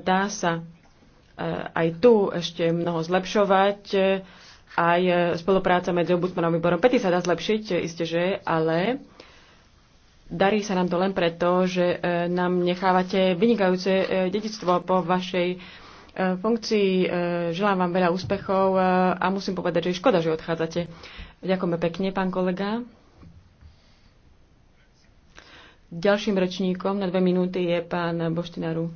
A: dá sa eh, aj tu ešte mnoho zlepšovať. Aj spolupráca medzi obudmanom výborom Pety sa dá zlepšiť, isté, že, ale darí sa nám to len preto, že nám nechávate vynikajúce dedictvo po vašej funkcii. Želám vám veľa úspechov a musím povedať, že je škoda, že odchádzate. Ďakujeme pekne, pán kolega. Ďalším rečníkom na dve minúty je pán Boštinaru.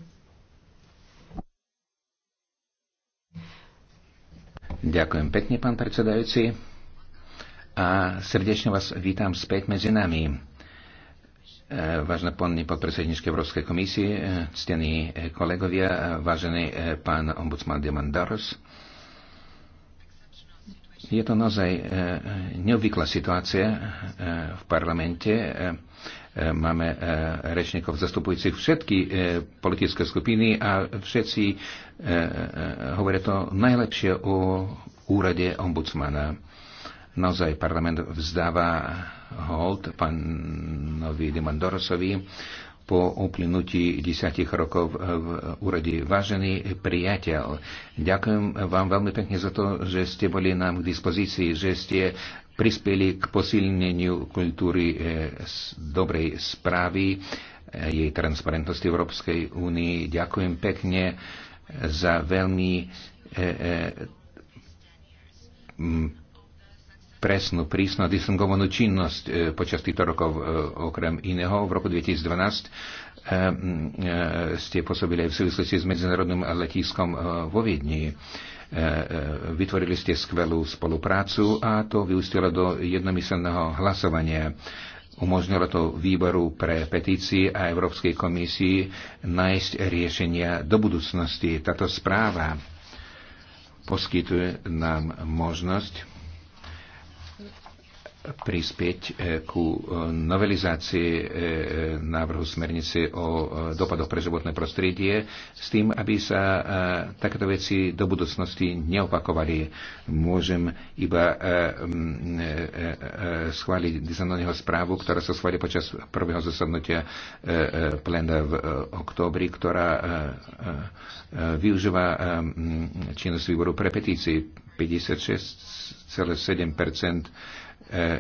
B: Ďakujem pekne, pán predsedajúci. A srdečne vás vítam späť medzi nami. E, vážne pánne podpredsedničke Európskej komisie, e, ctení e, kolegovia, vážený pán ombudsman Diamandaros. Je to naozaj neobvyklá situácia v parlamente E, máme e, rečníkov zastupujúcich všetky e, politické skupiny a všetci hovoria to najlepšie o úrade ombudsmana. Naozaj parlament vzdáva hold pánovi Dimandorosovi po uplynutí desiatich rokov v úrade. Vážený priateľ, ďakujem vám veľmi pekne za to, že ste boli nám k dispozícii, že ste prispeli k posilneniu kultúry e, dobrej správy, e, jej transparentnosti Európskej únii. Ďakujem pekne za veľmi e, presnú, prísnu a distingovanú činnosť počas týchto rokov okrem iného. V roku 2012 ste pôsobili aj v súvislosti s medzinárodným letiskom vo Viedni E, e, vytvorili ste skvelú spoluprácu a to vyústilo do jednomyselného hlasovania. Umožnilo to výboru pre petícii a Európskej komisii nájsť riešenia do budúcnosti. Táto správa poskytuje nám možnosť prispieť e, ku e, novelizácii e, návrhu smernice o dopadoch pre životné prostredie s tým, aby sa takéto veci do budúcnosti neopakovali. Môžem iba schváliť dizajnového správu, ktorá sa schváli počas prvého zasadnutia plenda v októbri, ktorá využíva činnosť výboru pre petícii 56,7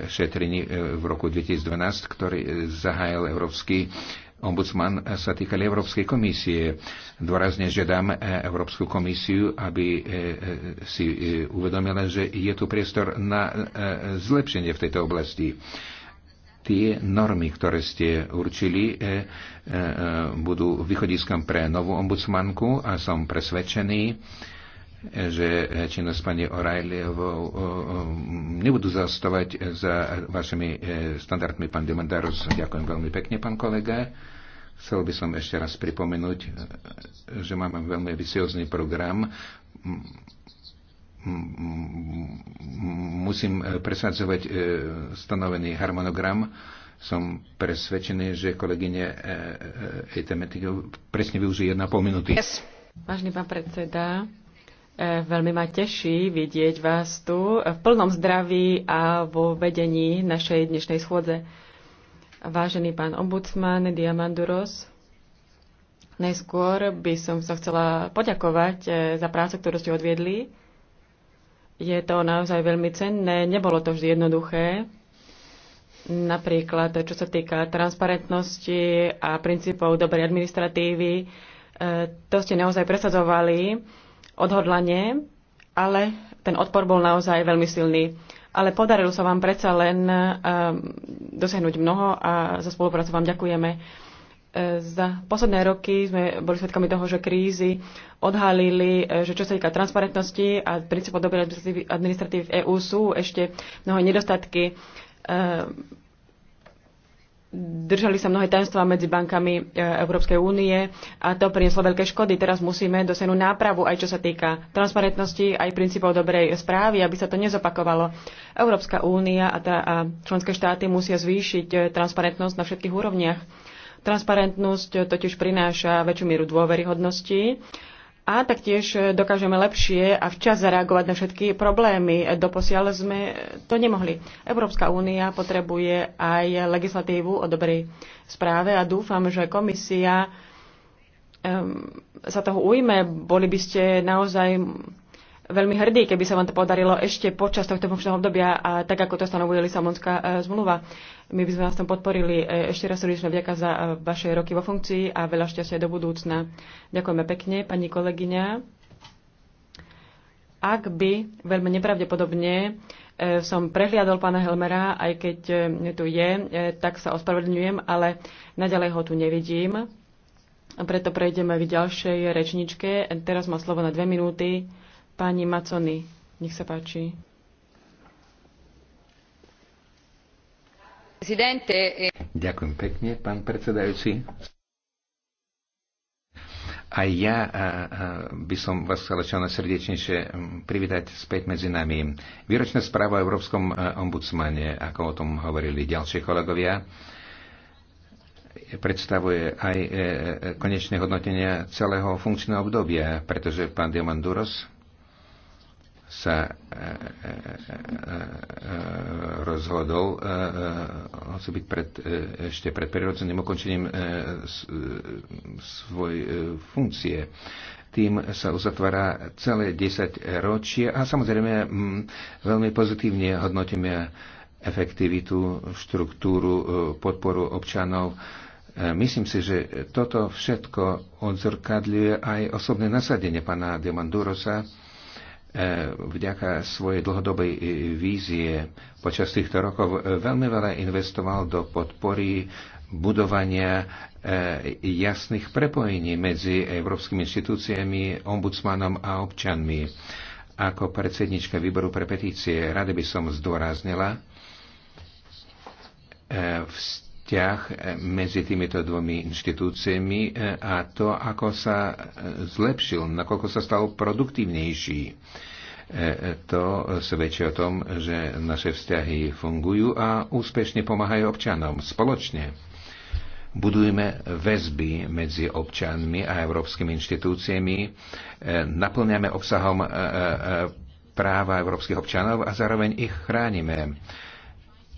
B: šetrení e, v roku 2012, ktorý zahájil Európsky ombudsman, sa týkali Európskej komisie. Dôrazne žiadam e, Európsku komisiu, aby e, si uvedomila, že je tu priestor na zlepšenie v tejto oblasti tie normy, ktoré ste určili, budú východiskom pre novú ombudsmanku a som presvedčený, že činnosť pani O'Reillyovou nebudú zastávať za vašimi e, standardmi, pán Demandaros. Ďakujem veľmi pekne, pán kolega. Chcel by som ešte raz pripomenúť, e, že máme veľmi ambiciózny program. Musím e, presadzovať stanovený harmonogram. Som presvedčený, že kolegyne Ejtemetikov presne využije 1,5 minúty. Yes.
A: Vážny pán predseda, E, veľmi ma teší vidieť vás tu v plnom zdraví a vo vedení našej dnešnej schôdze. Vážený pán ombudsman Diamanduros, najskôr by som sa chcela poďakovať e, za prácu, ktorú ste odviedli. Je to naozaj veľmi cenné, nebolo to vždy jednoduché. Napríklad, čo sa týka transparentnosti a princípov dobrej administratívy, e, to ste naozaj presadzovali odhodlanie, ale ten odpor bol naozaj veľmi silný. Ale podarilo sa vám predsa len eh, dosiahnuť mnoho a za spoluprácu vám ďakujeme. Eh, za posledné roky sme boli svedkami toho, že krízy odhalili, eh, že čo sa týka transparentnosti a princípov dobrej administratívy v EÚ sú ešte mnohé nedostatky držali sa mnohé tajomstvá medzi bankami e, Európskej únie a to prinieslo veľké škody. Teraz musíme dosiahnuť nápravu aj čo sa týka transparentnosti, aj princípov dobrej správy, aby sa to nezopakovalo. Európska únia a, tá, a členské štáty musia zvýšiť e, transparentnosť na všetkých úrovniach. Transparentnosť e, totiž prináša väčšiu mieru dôveryhodnosti a taktiež e, dokážeme lepšie a včas zareagovať na všetky problémy. E, doposiaľ sme to nemohli. Európska únia potrebuje aj legislatívu o dobrej správe a dúfam, že komisia um, sa toho ujme. Boli by ste naozaj veľmi hrdí, keby sa vám to podarilo ešte počas tohto funkčného obdobia a tak, ako to stanovuje Lisabonská e, zmluva. My by sme vás tam podporili. E, ešte raz srdečne vďaka za e, vaše roky vo funkcii a veľa šťastia do budúcna. Ďakujeme pekne, pani kolegyňa. Ak by veľmi nepravdepodobne som prehliadol pána Helmera, aj keď tu je, tak sa ospravedlňujem, ale naďalej ho tu nevidím. Preto prejdeme k ďalšej rečničke. Teraz má slovo na dve minúty Pani Macony, nech sa páči.
E: Eh,
B: Ďakujem pekne, pán predsedajúci. Aj ja eh, eh, by som vás chcel čo najsrdečnejšie hm, privítať späť medzi nami. Výročná správa o Európskom ombudsmane, ako o tom hovorili ďalší kolegovia, predstavuje aj konečné hodnotenia celého funkčného obdobia, pretože pán Diamanduros sa e, e, e, rozhodol hoci byť pred, ešte pred prirodzeným ukončením svoj funkcie. Tým sa uzatvára celé 10 ročie a samozrejme veľmi pozitívne hodnotíme efektivitu, štruktúru, podporu občanov. Myslím si, že toto všetko odzrkadľuje aj osobné nasadenie pána Diamandurosa E, vďaka svojej dlhodobej e, vízie počas týchto rokov e, veľmi veľa investoval do podpory budovania jasných prepojení medzi európskymi inštitúciami, ombudsmanom a občanmi. Ako predsednička výboru pre petície rady by som zdôraznila vzťah eh, medzi týmito dvomi inštitúciami eh, a to, ako sa eh, zlepšil, nakoľko sa stal produktívnejší. To svedčí o tom, že naše vzťahy fungujú a úspešne pomáhajú občanom spoločne. Budujeme väzby medzi občanmi a európskymi inštitúciami, naplňame obsahom práva európskych občanov a zároveň ich chránime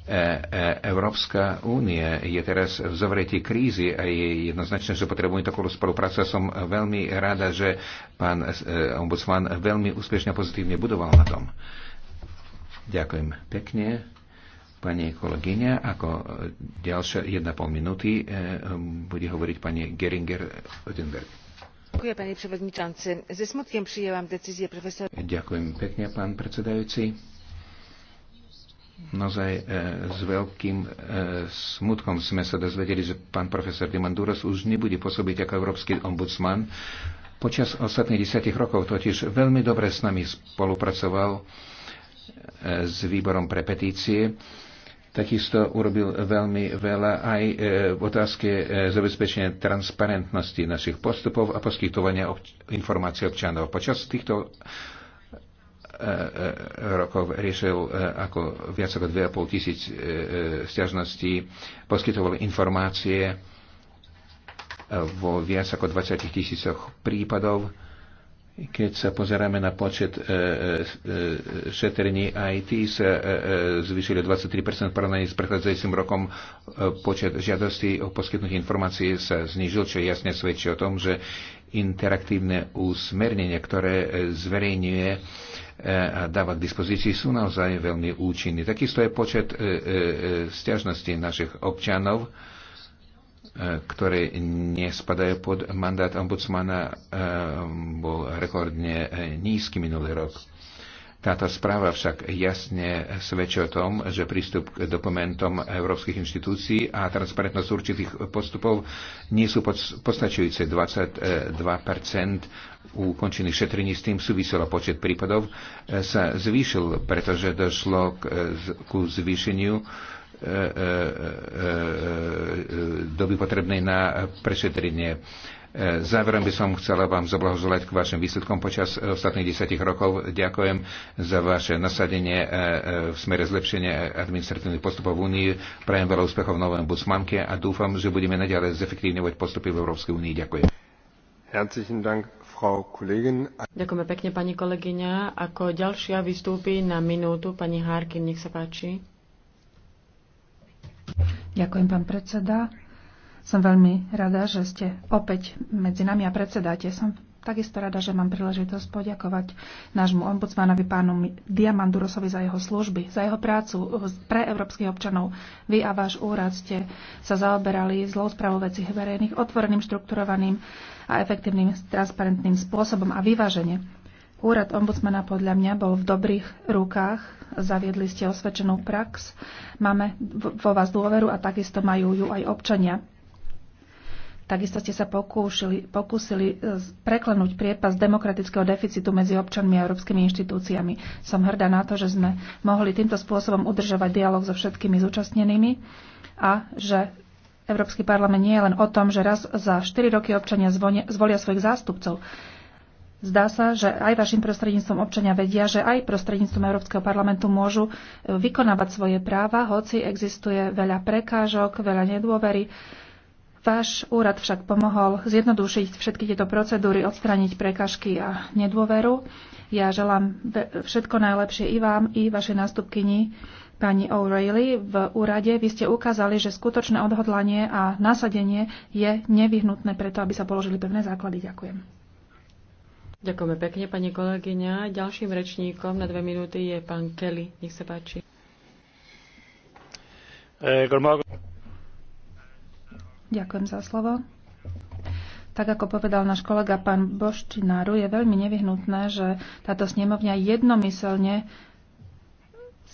B: E, e, Európska únie je teraz v zovretí krízy a je jednoznačné, že potrebujú takú spoluprácu. Som veľmi rada, že pán e, ombudsman veľmi úspešne a pozitívne budoval na tom. Ďakujem pekne. Pani kolegyňa, ako ďalšia jedna pol minúty bude hovoriť pani Geringer-Odenberg.
E: Ďakujem, pani przewodniczący. Ze smutkiem przyjęłam decyzję profesora.
B: Ďakujem pekne, pán predsedajúci Naozaj e, s veľkým e, smutkom sme sa dozvedeli, že pán profesor Dimanduros už nebude pôsobiť ako európsky ombudsman. Počas ostatných desiatich rokov totiž veľmi dobre s nami spolupracoval e, s výborom pre petície. Takisto urobil veľmi veľa aj e, v otázke e, zabezpečenia transparentnosti našich postupov a poskytovania obč- informácií občanov. Počas týchto E, e, rokov riešil e, ako viac ako 2,5 tisíc stiažností, poskytoval informácie vo viac ako 20 tisícoch prípadov. Keď sa pozeráme na počet šetrení IT, sa zvýšili 23% porovnaní s prechádzajúcim rokom. Počet žiadostí o poskytnutie informácií sa znižil, čo jasne svedčí o tom, že interaktívne usmernenie, ktoré zverejňuje E, a dáva k dispozícii, sú naozaj veľmi účinní. Takisto je počet e, e, stiažností našich občanov, ktoré nespadajú pod mandát ombudsmana, bol rekordne nízky minulý rok. Táto správa však jasne svedčí o tom, že prístup k dokumentom európskych inštitúcií a transparentnosť určitých postupov nie sú postačujúce. 22 u ukončených šetrení s tým súviselo počet prípadov, e, sa zvýšil, pretože došlo k, e, ku zvýšeniu e, doby potrebnej na prešetrenie. Záverom by som chcela vám zablahoželať k vašim výsledkom počas ostatných desiatich rokov. Ďakujem za vaše nasadenie v smere zlepšenia administratívnych postupov v Únii. Prajem veľa úspechov v novom budsmanke a dúfam, že budeme naďalej zefektívňovať postupy v Európskej únii. Ďakujem. Herzlichen Dank,
A: Ďakujeme pekne, pani kolegyňa. Ako ďalšia vystúpi na minútu pani Harkin, nech sa páči.
D: Ďakujem, pán predseda. Som veľmi rada, že ste opäť medzi nami a predsedáte. Som takisto rada, že mám príležitosť poďakovať nášmu ombudsmanovi pánu Diamandurosovi za jeho služby, za jeho prácu pre európskych občanov. Vy a váš úrad ste sa zaoberali zlou spravou veci verejných, otvoreným, štrukturovaným a efektívnym, transparentným spôsobom a vyvážene. Úrad ombudsmana podľa mňa bol v dobrých rukách, zaviedli ste osvedčenú prax, máme vo vás dôveru a takisto majú ju aj občania. Takisto ste sa pokúšili, pokúsili e, preklenúť priepas demokratického deficitu medzi občanmi a európskymi inštitúciami. Som hrdá na to, že sme mohli týmto spôsobom udržovať dialog so všetkými zúčastnenými a že Európsky parlament nie je len o tom, že raz za 4 roky občania zvolia svojich zástupcov. Zdá sa, že aj vašim prostredníctvom občania vedia, že aj prostredníctvom Európskeho parlamentu môžu e, vykonávať svoje práva, hoci existuje veľa prekážok, veľa nedôvery. Váš úrad však pomohol zjednodušiť všetky tieto procedúry, odstrániť prekažky a nedôveru. Ja želám všetko najlepšie i vám, i vašej nástupkyni Pani O'Reilly, v úrade vy ste ukázali, že skutočné odhodlanie a nasadenie je nevyhnutné preto, aby sa položili pevné
A: základy. Ďakujem. Ďakujeme pekne, pani kolegyňa. Ďalším rečníkom na dve minúty je pán Kelly. Nech sa páči. Ďakujem
D: za slovo. Tak ako povedal náš kolega pán Boštináru, je veľmi nevyhnutné, že táto snemovňa jednomyselne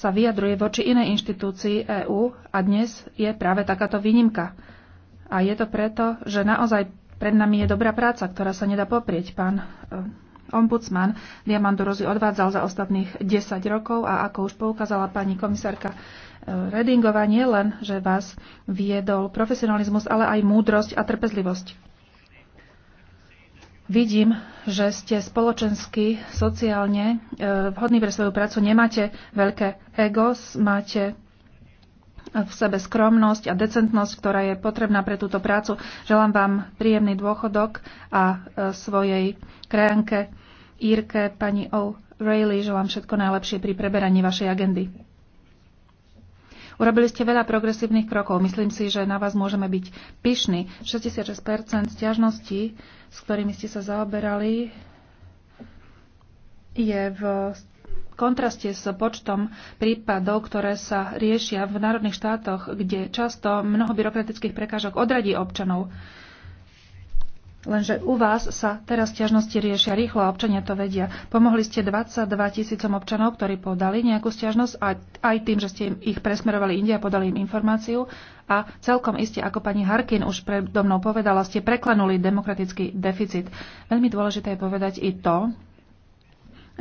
D: sa vyjadruje voči inej inštitúcii EÚ a dnes je práve takáto výnimka. A je to preto, že naozaj pred nami je dobrá práca, ktorá sa nedá poprieť. Pán eh, ombudsman Rozi odvádzal za ostatných 10 rokov a ako už poukázala pani komisárka eh, Redingová, nie len, že vás viedol profesionalizmus, ale aj múdrosť a trpezlivosť. Vidím, že ste spoločensky, sociálne e, vhodní pre svoju prácu, nemáte veľké ego, máte v sebe skromnosť a decentnosť, ktorá je potrebná pre túto prácu. Želám vám príjemný dôchodok a e, svojej krajanke Írke, pani O'Reilly, želám všetko najlepšie pri preberaní vašej agendy. Urobili ste veľa progresívnych krokov. Myslím si, že na vás môžeme byť pyšní. 66% stiažností, s ktorými ste sa zaoberali, je v kontraste s počtom prípadov, ktoré sa riešia v národných štátoch, kde často mnoho byrokratických prekážok odradí občanov Lenže u vás sa teraz ťažnosti riešia rýchlo a občania to vedia. Pomohli ste 22 tisícom občanov, ktorí podali nejakú stiažnosť aj, aj tým, že ste im ich presmerovali inde a podali im informáciu. A celkom iste, ako pani Harkin už predo mnou povedala, ste preklenuli demokratický deficit. Veľmi dôležité je povedať i to,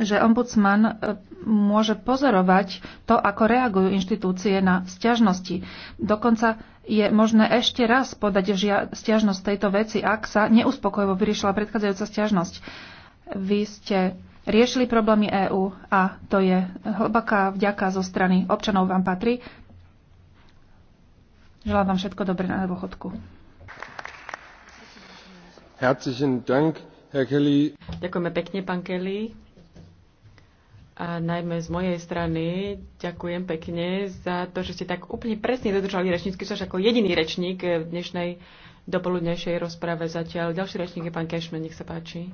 D: že ombudsman e, môže pozorovať to, ako reagujú inštitúcie na stiažnosti. Dokonca je možné ešte raz podať žia- stiažnosť tejto veci, ak sa neuspokojivo vyriešila predchádzajúca stiažnosť. Vy ste riešili problémy EÚ a to je hlboká vďaka zo strany občanov vám patrí. Želám vám všetko dobré na dôchodku.
C: Herzlichen Dank, Herr Kelly.
A: Ďakujeme pekne, pán Kelly. A najmä z mojej strany ďakujem pekne za to, že ste tak úplne presne dodržali rečnícky čas ako jediný rečník v dnešnej dopoludnejšej rozprave zatiaľ. Ďalší rečník je pán Cashman, nech sa páči.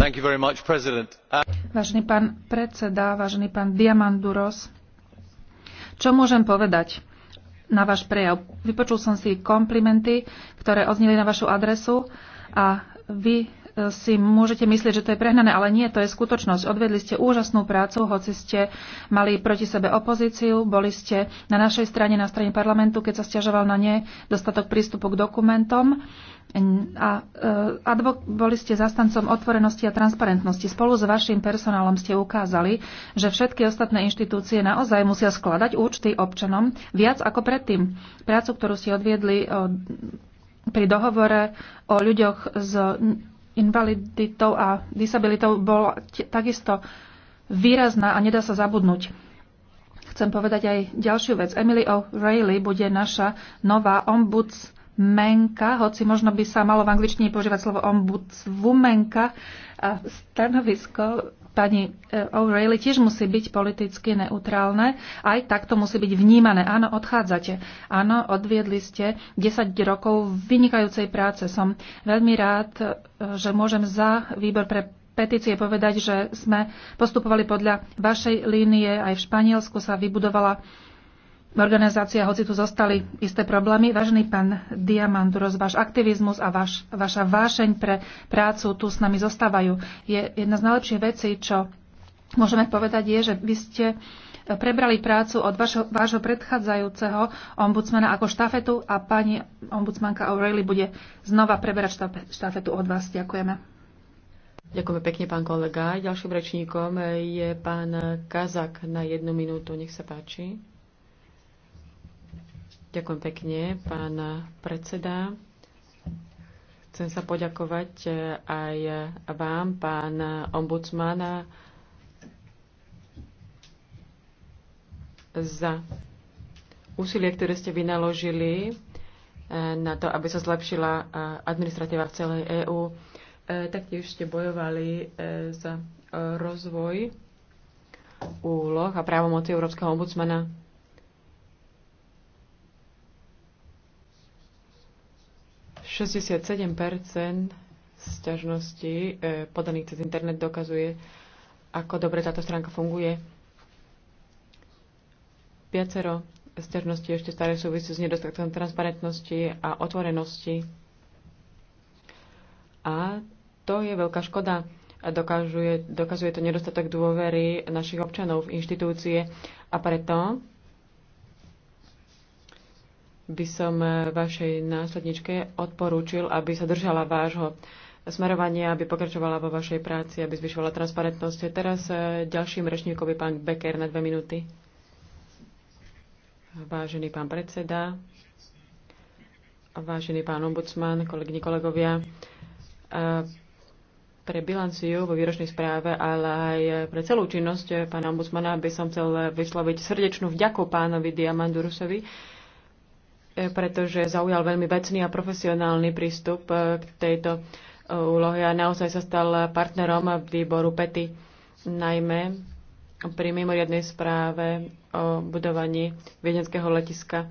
C: Thank you very much, President. Uh,
A: vážený pán predseda,
D: vážený pán Diamanduros, čo môžem povedať na váš prejav? Vypočul som si komplimenty, ktoré odznili na vašu adresu a vy si môžete myslieť, že to je prehnané, ale nie, to je skutočnosť. Odvedli ste úžasnú prácu, hoci ste mali proti sebe opozíciu, boli ste na našej strane, na strane parlamentu, keď sa stiažoval na nedostatok prístupu k dokumentom a e, advok, boli ste zastancom otvorenosti a transparentnosti. Spolu s vašim personálom ste ukázali, že všetky ostatné inštitúcie naozaj musia skladať účty občanom viac ako predtým. Prácu, ktorú ste odviedli e, pri dohovore o ľuďoch s invaliditou a disabilitou bola takisto výrazná a nedá sa zabudnúť. Chcem povedať aj ďalšiu vec. Emily O'Reilly bude naša nová ombudsmenka, hoci možno by sa malo v angličtine používať slovo ombudswomenka A stanovisko pani e, O'Reilly tiež musí byť politicky neutrálne. Aj takto musí byť vnímané. Áno, odchádzate. Áno, odviedli ste 10 rokov vynikajúcej práce. Som veľmi rád, e, že môžem za výbor pre petície povedať, že sme postupovali podľa vašej línie. Aj v Španielsku sa vybudovala organizácia, hoci tu zostali isté problémy. Vážený pán Diamanduros, váš aktivizmus a vaš, vaša vášeň pre prácu tu s nami zostávajú. Je jedna z najlepších vecí, čo môžeme povedať, je, že vy ste prebrali prácu od vašho, vášho predchádzajúceho ombudsmana ako štafetu a pani ombudsmanka O'Reilly bude znova preberať štafetu od vás.
A: Ďakujeme. Ďakujeme pekne, pán kolega. Ďalším rečníkom je pán Kazak na jednu minútu. Nech sa páči. Ďakujem pekne, pán predseda. Chcem sa poďakovať e, aj vám, pán ombudsmana, za úsilie, ktoré ste vynaložili e, na to, aby sa zlepšila e, administratíva v celej EÚ. Taktiež ste bojovali za rozvoj úloh a právomoci Európskeho ombudsmana 67 sťažností e, podaných cez internet dokazuje, ako dobre táto stránka funguje. Viacero sťažností ešte staré súvisí s nedostatkom transparentnosti a otvorenosti. A to je veľká škoda. Dokážuje, dokazuje to nedostatok dôvery našich občanov v inštitúcie a preto by som e, vašej následničke odporúčil, aby sa držala vášho smerovania, aby pokračovala vo vašej práci, aby zvyšovala transparentnosť. Teraz e, ďalším rečníkom je pán Becker na dve minúty. Vážený pán predseda, vážený pán ombudsman, kolegyni, kolegovia, e, pre bilanciu vo výročnej správe, ale aj pre celú činnosť pána ombudsmana by som chcel vysloviť srdečnú vďaku pánovi Diamandurusovi, E, pretože zaujal veľmi vecný a profesionálny prístup e, k tejto e, úlohe a naozaj sa stal partnerom výboru PETI, najmä pri mimoriadnej správe o budovaní viedenského letiska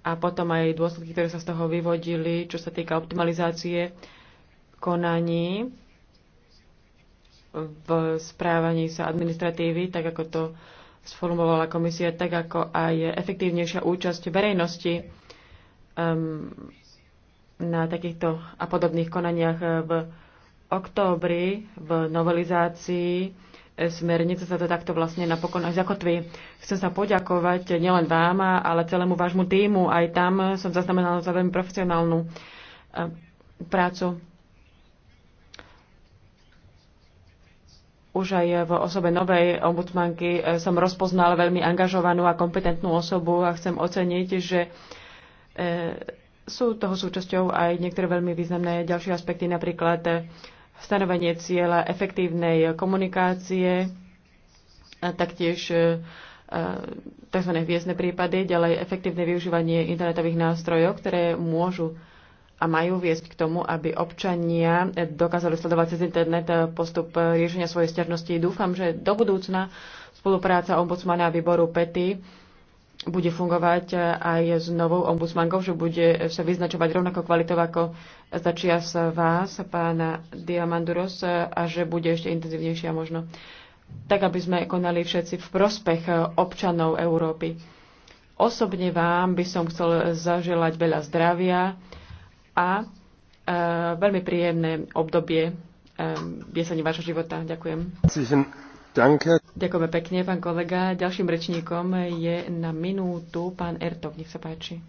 A: a potom aj dôsledky, ktoré sa z toho vyvodili, čo sa týka optimalizácie konaní v správaní sa administratívy, tak ako to sformulovala komisia, tak ako aj efektívnejšia účasť verejnosti um, na takýchto a podobných konaniach v októbri v novelizácii smernice sa to takto vlastne napokon aj zakotví. Chcem sa poďakovať nielen vám, ale celému vášmu týmu. Aj tam som zaznamenala za veľmi profesionálnu eh, prácu. už aj v osobe novej ombudsmanky eh, som rozpoznala veľmi angažovanú a kompetentnú osobu a chcem oceniť, že eh, sú toho súčasťou aj niektoré veľmi významné ďalšie aspekty, napríklad eh, stanovenie cieľa efektívnej komunikácie, a taktiež tzv. hviezdne prípady, ďalej efektívne využívanie internetových nástrojov, ktoré môžu a majú viesť k tomu, aby občania dokázali sledovať cez internet eh, postup eh, riešenia svojej stiažnosti. Dúfam, že do budúcna spolupráca ombudsmana a výboru PETI bude fungovať eh, aj s novou ombudsmankou, že bude sa vyznačovať rovnako kvalitou ako začia s vás, pána Diamanduros, a že bude ešte intenzívnejšia možno. Tak, aby sme konali všetci v prospech občanov Európy. Osobne vám by som chcel zaželať veľa zdravia, a e, veľmi príjemné obdobie jesene e, vášho života. Ďakujem. Ďakujeme pekne, pán kolega. Ďalším rečníkom je na minútu pán Ertok. Nech sa páči.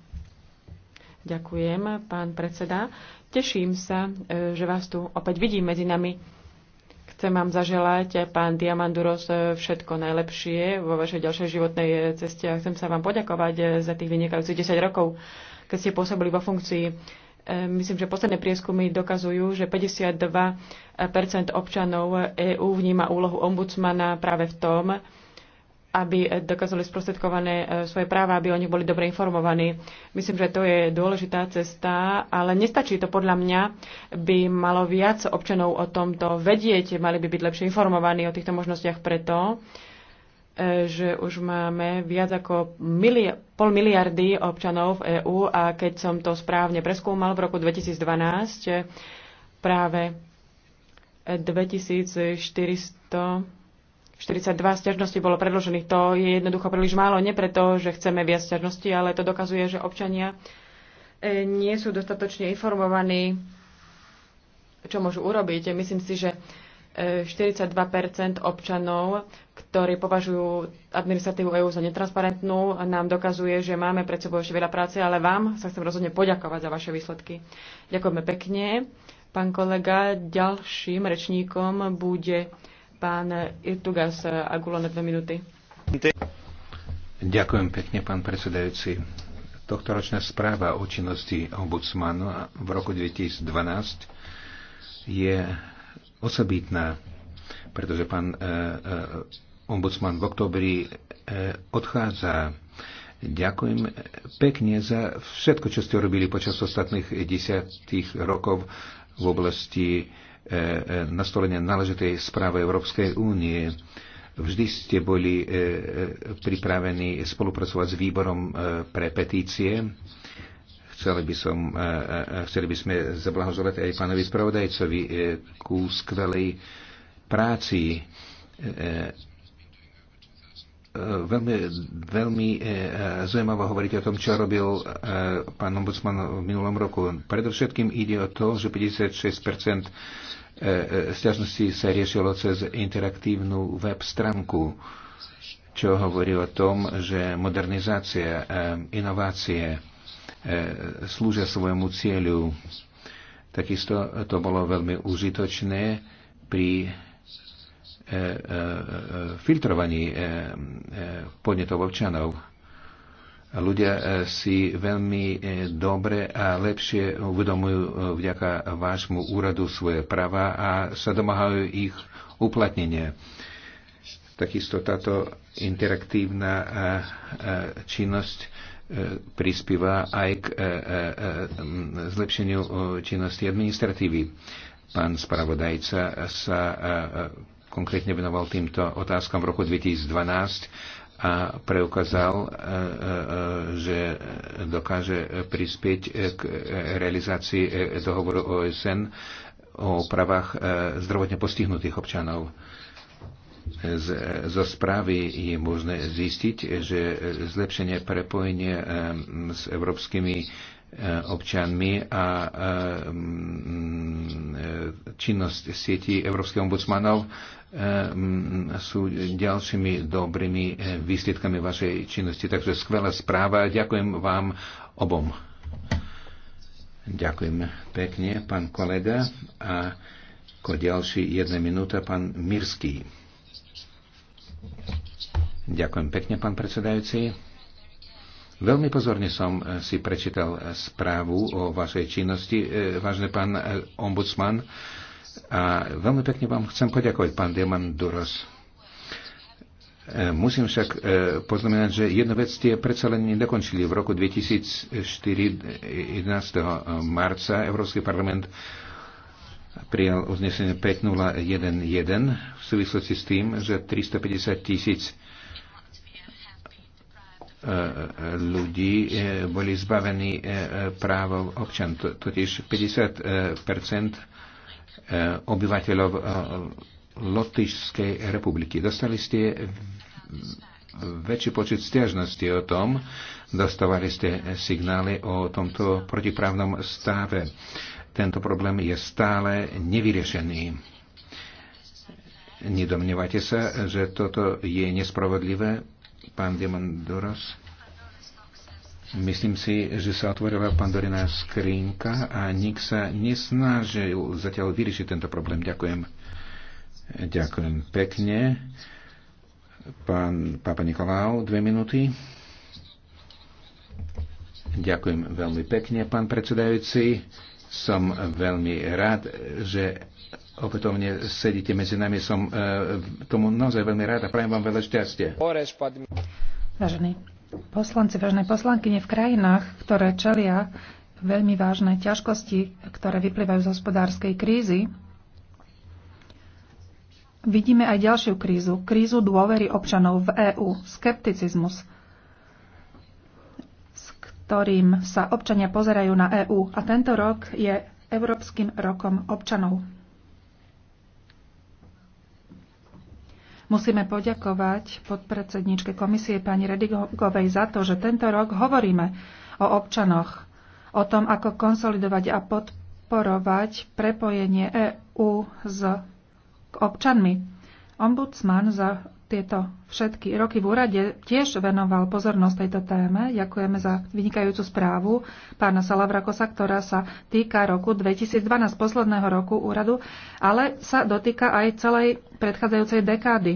A: Ďakujem, pán predseda. Teším sa, e, že vás tu opäť vidím medzi nami. Chcem vám zaželať, pán Diamanduros, všetko najlepšie vo vašej ďalšej životnej ceste a chcem sa vám poďakovať za tých vynikajúcich 10 rokov, keď ste pôsobili vo funkcii Ehm, myslím, že posledné prieskumy dokazujú, že 52 občanov EÚ vníma úlohu ombudsmana práve v tom, aby dokázali sprostredkované e, svoje práva, aby oni boli dobre informovaní. Myslím, že to je dôležitá cesta, ale nestačí to podľa mňa, by malo viac občanov o tomto vedieť, mali by byť lepšie informovaní o týchto možnostiach preto, že už máme viac ako milia- pol miliardy občanov v EÚ a keď som to správne preskúmal v roku 2012, práve 2442 sťažností bolo predložených. To je jednoducho príliš málo, nie preto, že chceme viac sťažností, ale to dokazuje, že občania e, nie sú dostatočne informovaní, čo môžu urobiť. Myslím si, že 42 e, občanov ktorí považujú administratívu EÚ za netransparentnú, nám dokazuje, že máme pred sebou ešte veľa práce, ale vám sa chcem rozhodne poďakovať za vaše výsledky. Ďakujeme pekne. Pán kolega, ďalším rečníkom bude pán Irtugas Agulo na dve minúty.
B: Ďakujem pekne, pán predsedajúci. Tohtoročná správa o činnosti ombudsmana v roku 2012 je osobitná, pretože pán e, e, ombudsman v oktobri e, odchádza. Ďakujem pekne za všetko, čo ste robili počas ostatných desiatých rokov v oblasti e, e, nastolenia náležitej správy Európskej únie. Vždy ste boli pripravení spolupracovať s výborom pre petície. Chceli by, som, chceli by sme zablahoželať aj pánovi spravodajcovi ku skvelej práci veľmi, veľmi e, zaujímavé hovoriť o tom, čo robil e, pán ombudsman v minulom roku. Predovšetkým ide o to, že 56 e, sťažností sa riešilo cez interaktívnu web stránku, čo hovorí o tom, že modernizácia, inovácie slúžia svojmu cieľu. Takisto to bolo veľmi užitočné pri E, e, e, filtrovaní podnetov občanov. Ľudia si veľmi dobre a lepšie uvedomujú vďaka vášmu úradu svoje práva a sa domáhajú ich uplatnenie. Takisto táto interaktívna činnosť prispieva aj k zlepšeniu činnosti administratívy. Pán spravodajca sa konkrétne venoval týmto otázkam v roku 2012 a preukázal, e, e, e, že dokáže prispieť k realizácii dohovoru OSN o pravách zdravotne postihnutých občanov. Z, zo správy je možné zistiť, že zlepšenie prepojenie s európskymi občanmi a činnosť sieti európskych ombudsmanov Ehm, sú ďalšími dobrými eh, výsledkami vašej činnosti. Takže skvelá správa. Ďakujem vám obom. Ďakujem pekne, pán kolega. A ako ďalší jedna minúta, pán Mirský. Ďakujem pekne, pán predsedajúci. Veľmi pozorne som eh, si prečítal správu o vašej činnosti, eh, vážne pán ombudsman. A veľmi pekne vám chcem poďakovať, pán Duros. E, musím však e, poznamenať, že jednu vec ste predsa len nedokončili. V roku 2004, 11. E, marca, Európsky parlament prijal uznesenie 5011 v súvislosti s tým, že 350 tisíc ľudí boli zbavení práv občan. Totiž 50 Eh, obyvateľov eh, Lotyšskej republiky. Dostali ste väčší počet stiažností o tom, dostávali ste signály o tomto protiprávnom stave. Tento problém je stále nevyriešený. Nedomnievate sa, že toto je nespravodlivé, pán Diamandoros? Myslím si, že sa otvorila pandorina skrinka a nik sa nesnažil zatiaľ vyriešiť tento problém. Ďakujem. Ďakujem pekne. Pán Papa Nikolau, dve minúty. Ďakujem veľmi pekne, pán predsedajúci. Som veľmi rád, že opätovne sedíte medzi nami. Som e, tomu naozaj veľmi rád a prajem vám veľa šťastia.
D: Vážený poslanci, vážne poslankyne v krajinách, ktoré čelia veľmi vážne ťažkosti, ktoré vyplývajú z hospodárskej krízy, vidíme aj ďalšiu krízu. Krízu dôvery občanov v EÚ. Skepticizmus, s ktorým sa občania pozerajú na EÚ. A tento rok je Európskym rokom občanov. Musíme poďakovať podpredsedničke komisie pani Redigovej za to, že tento rok hovoríme o občanoch, o tom, ako konsolidovať a podporovať prepojenie EÚ s občanmi. Ombudsman za tieto všetky roky v úrade tiež venoval pozornosť tejto téme. Ďakujeme za vynikajúcu správu pána Salavrakosa, ktorá sa týka roku 2012, posledného roku úradu, ale sa dotýka aj celej predchádzajúcej dekády.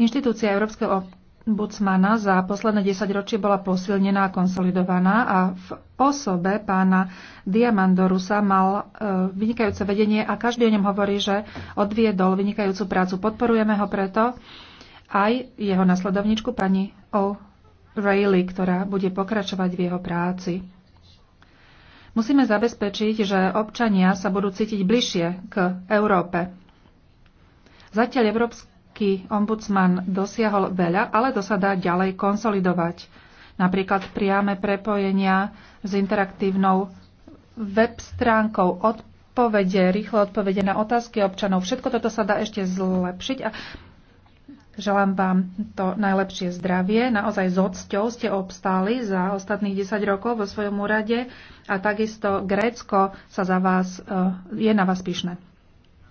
D: Inštitúcia Európskeho ombudsmana za posledné 10 ročie bola posilnená a konsolidovaná a v osobe pána Diamandorusa mal e, vynikajúce vedenie a každý o ňom hovorí, že odviedol vynikajúcu prácu. Podporujeme ho preto aj jeho nasledovničku pani O'Reilly, ktorá bude pokračovať v jeho práci. Musíme zabezpečiť, že občania sa budú cítiť bližšie k Európe. Zatiaľ Európska Európsky ombudsman dosiahol veľa, ale to sa dá ďalej konsolidovať. Napríklad priame prepojenia s interaktívnou web stránkou odpovede, rýchle odpovede na otázky občanov. Všetko toto sa dá ešte zlepšiť a želám vám to najlepšie zdravie. Naozaj s odsťou ste obstáli za ostatných 10 rokov vo svojom úrade a takisto Grécko sa za vás, eh, je na vás pyšné.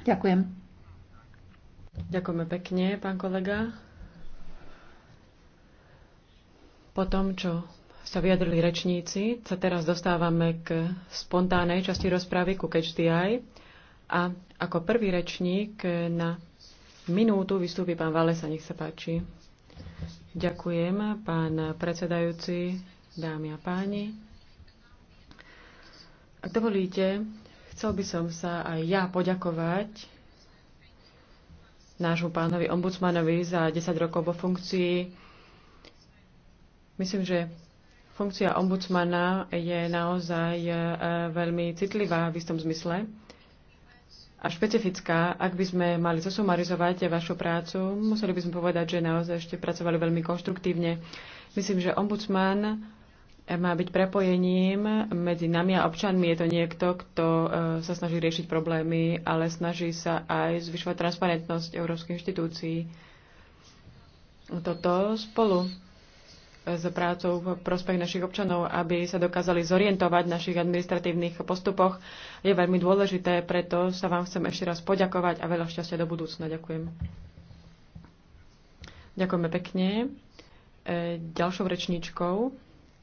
D: Ďakujem.
A: Ďakujeme pekne, pán kolega. Po tom, čo sa vyjadrili rečníci, sa teraz dostávame k spontánej časti rozpravy ku KHDI. A ako prvý rečník na minútu vystúpi pán Valesa, nech sa páči. Ďakujem, pán predsedajúci, dámy a páni. Ak dovolíte, chcel by som sa aj ja poďakovať nášmu pánovi ombudsmanovi za 10 rokov vo funkcii. Myslím, že funkcia ombudsmana je naozaj e, veľmi citlivá v istom zmysle a špecifická. Ak by sme mali zosumarizovať vašu prácu, museli by sme povedať, že naozaj ešte pracovali veľmi konštruktívne. Myslím, že ombudsman má byť prepojením medzi nami a občanmi. Je to niekto, kto e, sa snaží riešiť problémy, ale snaží sa aj zvyšovať transparentnosť európskych inštitúcií. Toto spolu s prácou v prospech našich občanov, aby sa dokázali zorientovať v našich administratívnych postupoch, je veľmi dôležité. Preto sa vám chcem ešte raz poďakovať a veľa šťastia do budúcna. Ďakujem. Ďakujeme pekne. E, ďalšou rečníčkou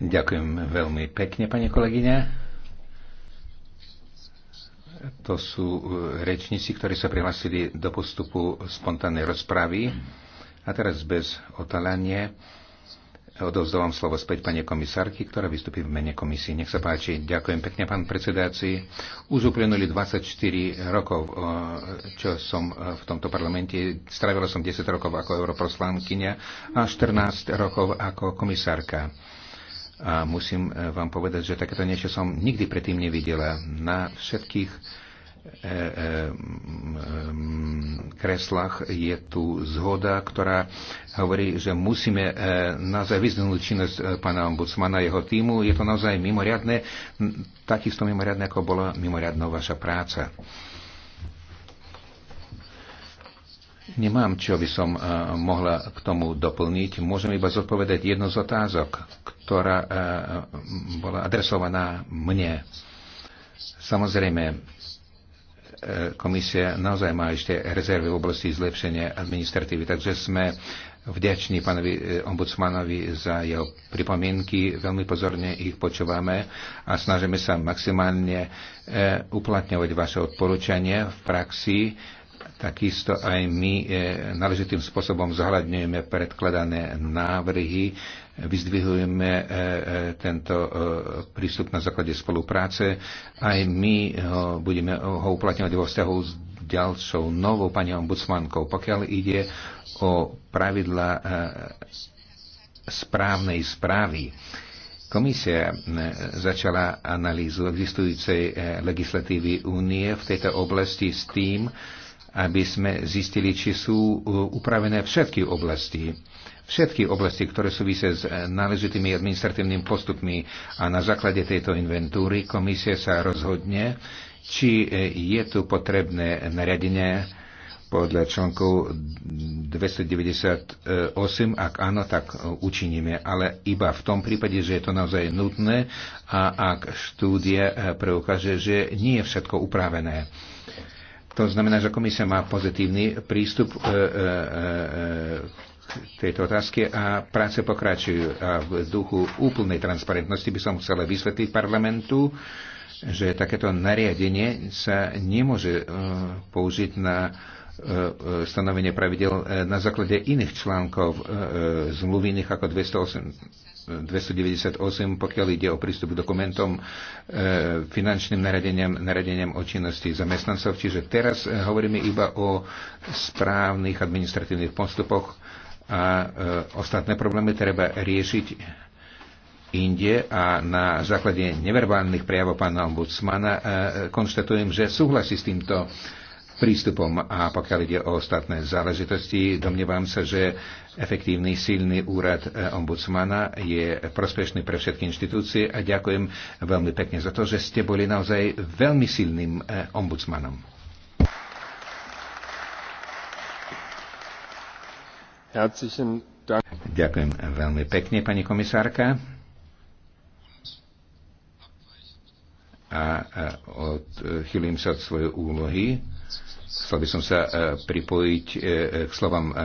B: Ďakujem veľmi pekne, pani kolegyňa. To sú e, rečníci, ktorí sa prihlásili do postupu spontánnej rozpravy. A teraz bez otalanie odovzdávam slovo späť pani komisárky, ktorá vystupí v mene komisie. Nech sa páči. Ďakujem pekne, pán predsedáci. Už uplynuli 24 rokov, čo som e, v tomto parlamente. Stravila som 10 rokov ako europoslankyňa a 14 rokov ako komisárka. A musím e, vám povedať, že takéto niečo som nikdy predtým nevidela. Na všetkých E, e, mm, kreslách je tu zhoda, ktorá hovorí, že musíme e, naozaj vyzdenúť činnosť pána ombudsmana a jeho týmu. Je to naozaj mimoriadne, takisto mimoriadne, ako bola mimoriadná vaša práca. Nemám, čo by som mohla k tomu doplniť. Môžem iba zodpovedať jednu z otázok, ktorá bola adresovaná mne. Samozrejme, komisia naozaj má ešte rezervy v oblasti zlepšenia administratívy. Takže sme vďační pánovi e, ombudsmanovi za jeho pripomienky, veľmi pozorne ich počúvame a snažíme sa maximálne e, uplatňovať vaše odporúčanie v praxi. Takisto aj my e, náležitým spôsobom zohľadňujeme predkladané návrhy vyzdvihujeme e, e, tento e, prístup na základe spolupráce. Aj my ho budeme ho uplatňovať vo vzťahu s ďalšou novou pani ombudsmankou. Pokiaľ ide o pravidla správnej správy, Komisia začala analýzu existujúcej legislatívy únie v tejto oblasti s tým, aby sme zistili, či sú upravené všetky oblasti všetky oblasti, ktoré súvisia s eh, náležitými administratívnymi postupmi a na základe tejto inventúry komisia sa rozhodne, či eh, je tu potrebné nariadenie podľa článku 298, ak áno, tak eh, učiníme, ale iba v tom prípade, že je to naozaj nutné a ak štúdia preukáže, že nie je všetko upravené. To znamená, že komisia má pozitívny prístup tejto otázky a práce pokračujú. A v duchu úplnej transparentnosti by som chcel vysvetliť parlamentu, že takéto nariadenie sa nemôže e, použiť na e, e, stanovenie pravidel na základe iných článkov zmluvy ako 208, 298, pokiaľ ide o prístup k dokumentom, finančným naradeniam, naradeniam o činnosti zamestnancov. Čiže teraz hovoríme iba o správnych administratívnych postupoch, a e, ostatné problémy treba riešiť inde a na základe neverbálnych prejavov pána ombudsmana e, konštatujem, že súhlasí s týmto prístupom a pokiaľ ide o ostatné záležitosti, domnievam sa, že efektívny, silný úrad e, ombudsmana je prospešný pre všetky inštitúcie a ďakujem veľmi pekne za to, že ste boli naozaj veľmi silným ombudsmanom. Ďakujem veľmi pekne, pani komisárka. A odchýlim sa od svojej úlohy. Chcel by som sa e, pripojiť e, k slovám e,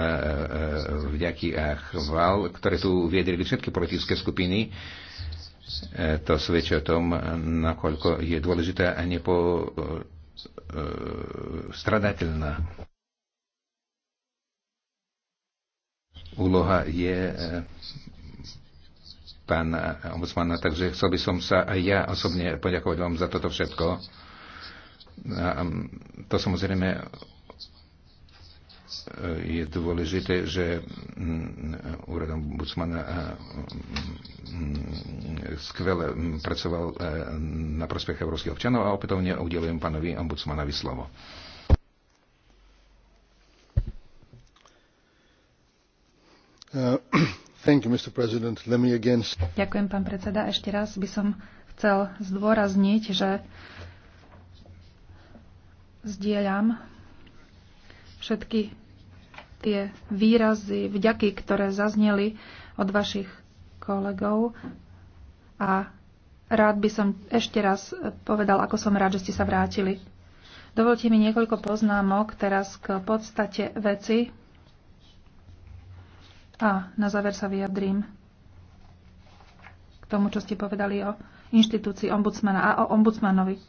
B: vďaky a chval, ktoré tu viedrili všetky politické skupiny. To svedčí o tom, nakoľko je dôležitá a nepostradateľná úloha je eh, pána eh, ombudsmana, takže chcel by som sa aj ja osobne poďakovať vám za toto všetko. A to samozrejme eh, je dôležité, že mm, úrad ombudsmana mm, skvele mm, pracoval na prospech európskych občanov a opätovne udelujem pánovi ombudsmanovi
C: slovo. Uh,
D: Ďakujem, pán predseda. Ešte raz by som chcel zdôrazniť, že zdieľam všetky tie výrazy, vďaky, ktoré zazneli od vašich kolegov a rád by som ešte raz povedal, ako som rád, že ste sa vrátili. Dovolte mi niekoľko poznámok teraz k podstate veci, a na záver sa vyjadrím k tomu, čo ste povedali o inštitúcii ombudsmana a o ombudsmanovi.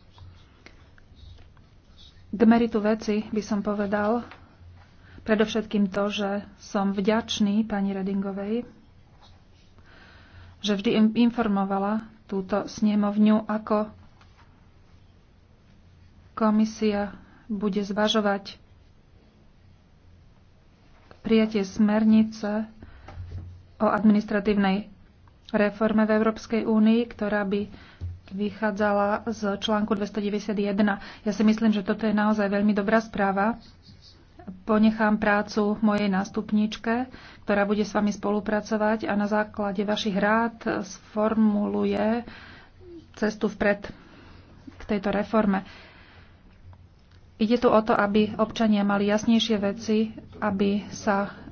D: K meritu veci by som povedal predovšetkým to, že som vďačný pani Redingovej, že vždy informovala túto snemovňu, ako komisia bude zvažovať prijatie smernice o administratívnej reforme v Európskej únii, ktorá by vychádzala z článku 291. Ja si myslím, že toto je naozaj veľmi dobrá správa. Ponechám prácu mojej nástupničke, ktorá bude s vami spolupracovať a na základe vašich rád sformuluje cestu vpred k tejto reforme. Ide tu o to, aby občania mali jasnejšie veci, aby sa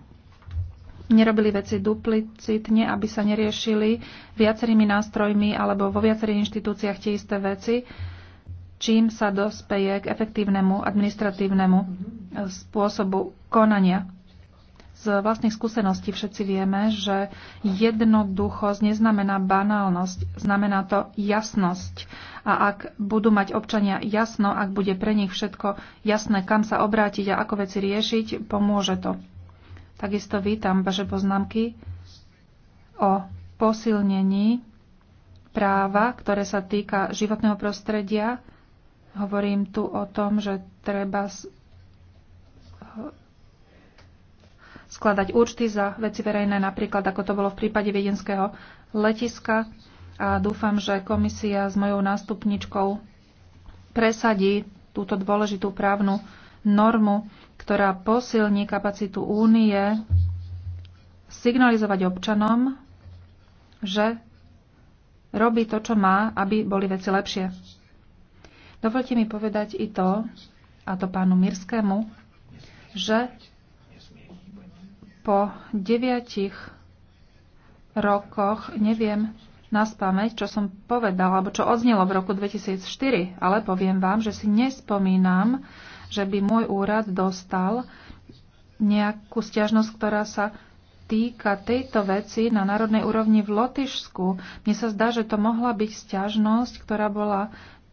D: nerobili veci duplicitne, aby sa neriešili viacerými nástrojmi alebo vo viacerých inštitúciách tie isté veci, čím sa dospeje k efektívnemu administratívnemu e, spôsobu konania. Z vlastných skúseností všetci vieme, že jednoduchosť neznamená banálnosť, znamená to jasnosť. A ak budú mať občania jasno, ak bude pre nich všetko jasné, kam sa obrátiť a ako veci riešiť, pomôže to. Takisto vítam vaše poznámky o posilnení práva, ktoré sa týka životného prostredia. Hovorím tu o tom, že treba skladať účty za veci verejné, napríklad ako to bolo v prípade viedenského letiska. A dúfam, že komisia s mojou nástupničkou presadí túto dôležitú právnu normu, ktorá posilní kapacitu únie signalizovať občanom, že robí to, čo má, aby boli veci lepšie. Dovolte mi povedať i to, a to pánu Mirskému, že po deviatich rokoch neviem na spameť, čo som povedal, alebo čo odznelo v roku 2004, ale poviem vám, že si nespomínam že by môj úrad dostal nejakú stiažnosť, ktorá sa týka tejto veci na národnej úrovni v Lotyšsku. Mne sa zdá, že to mohla byť stiažnosť, ktorá bola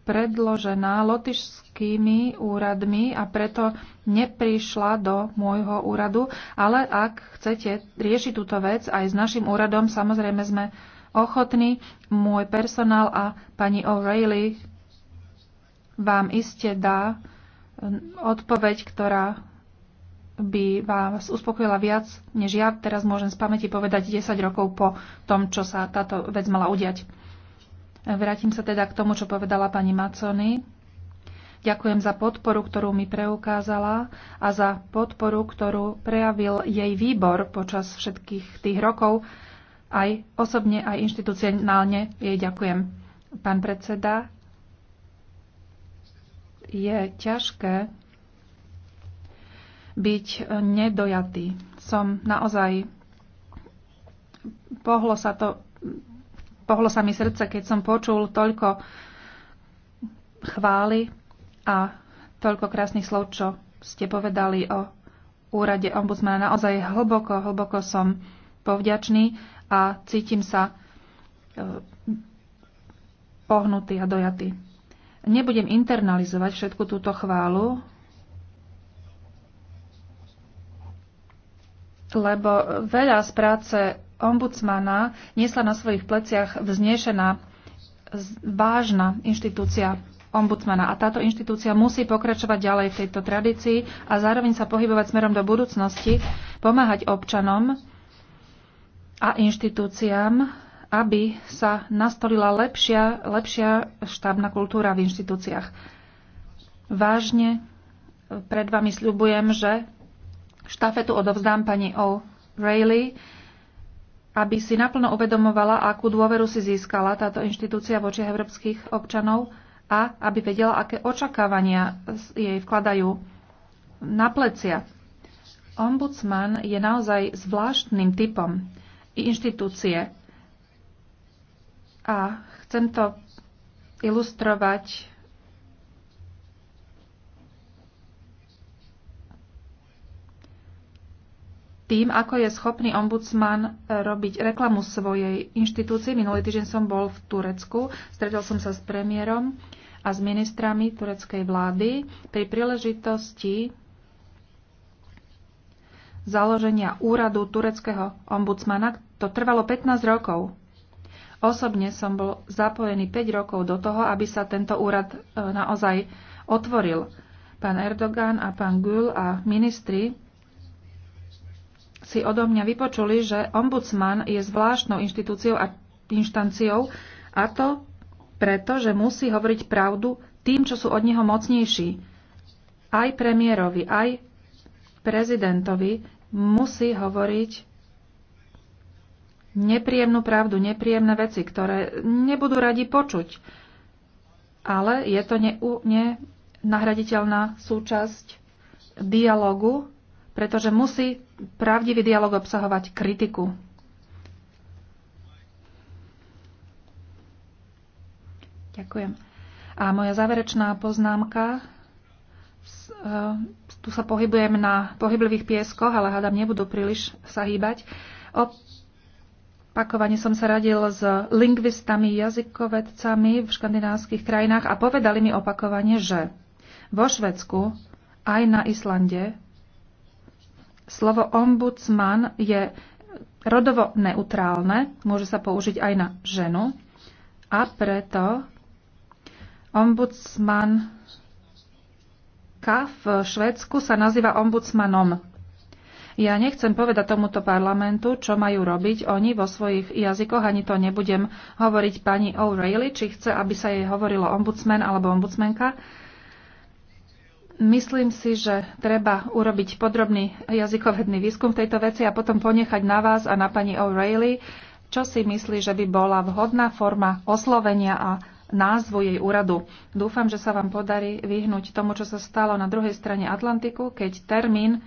D: predložená lotyšskými úradmi a preto neprišla do môjho úradu. Ale ak chcete riešiť túto vec aj s našim úradom, samozrejme sme ochotní. Môj personál a pani O'Reilly vám iste dá odpoveď, ktorá by vás uspokojila viac, než ja teraz môžem z pamäti povedať 10 rokov po tom, čo sa táto vec mala udiať. Vrátim sa teda k tomu, čo povedala pani Macony. Ďakujem za podporu, ktorú mi preukázala a za podporu, ktorú prejavil jej výbor počas všetkých tých rokov. Aj osobne, aj inštitucionálne jej ďakujem. Pán predseda, je ťažké byť nedojatý. Som naozaj... Pohlo sa, to, pohlo sa mi srdce, keď som počul toľko chvály a toľko krásnych slov, čo ste povedali o úrade ombudsmana. Naozaj hlboko, hlboko som povďačný a cítim sa eh, pohnutý a dojatý. Nebudem internalizovať všetku túto chválu, lebo veľa z práce ombudsmana niesla na svojich pleciach vznešená vážna inštitúcia ombudsmana. A táto inštitúcia musí pokračovať ďalej v tejto tradícii a zároveň sa pohybovať smerom do budúcnosti, pomáhať občanom a inštitúciám aby sa nastolila lepšia, lepšia štábna kultúra v inštitúciách. Vážne e, pred vami sľubujem, že štafetu odovzdám pani O'Reilly, aby si naplno uvedomovala, akú dôveru si získala táto inštitúcia voči európskych občanov a aby vedela, aké očakávania jej vkladajú na plecia. Ombudsman je naozaj zvláštnym typom inštitúcie. A chcem to ilustrovať tým, ako je schopný ombudsman eh, robiť reklamu svojej inštitúcii. Minulý týždeň som bol v Turecku, stretol som sa s premiérom a s ministrami tureckej vlády pri príležitosti založenia úradu tureckého ombudsmana. To trvalo 15 rokov. Osobne som bol zapojený 5 rokov do toho, aby sa tento úrad e, naozaj otvoril. Pán Erdogan a pán Gül a ministri si odo mňa vypočuli, že ombudsman je zvláštnou inštitúciou a inštanciou a to preto, že musí hovoriť pravdu tým, čo sú od neho mocnejší. Aj premiérovi, aj prezidentovi musí hovoriť nepríjemnú pravdu, nepríjemné veci, ktoré nebudú radi počuť. Ale je to nenahraditeľná súčasť dialogu, pretože musí pravdivý dialog obsahovať kritiku. Ďakujem. A moja záverečná poznámka. E, tu sa pohybujem na pohyblivých pieskoch, ale hádam, nebudú príliš sa hýbať. O Pakovane som sa radil s lingvistami, jazykovedcami v škandinávskych krajinách a povedali mi opakovane, že vo Švedsku aj na Islande slovo ombudsman je rodovo neutrálne, môže sa použiť aj na ženu a preto ombudsman v Švedsku sa nazýva ombudsmanom. Ja nechcem povedať tomuto parlamentu, čo majú robiť oni vo svojich jazykoch, ani to nebudem hovoriť pani O'Reilly, či chce, aby sa jej hovorilo ombudsman alebo ombudsmenka. Myslím si, že treba urobiť podrobný jazykovedný výskum v tejto veci a potom ponechať na vás a na pani O'Reilly, čo si myslí, že by bola vhodná forma oslovenia a názvu jej úradu. Dúfam, že sa vám podarí vyhnúť tomu, čo sa stalo na druhej strane Atlantiku, keď termín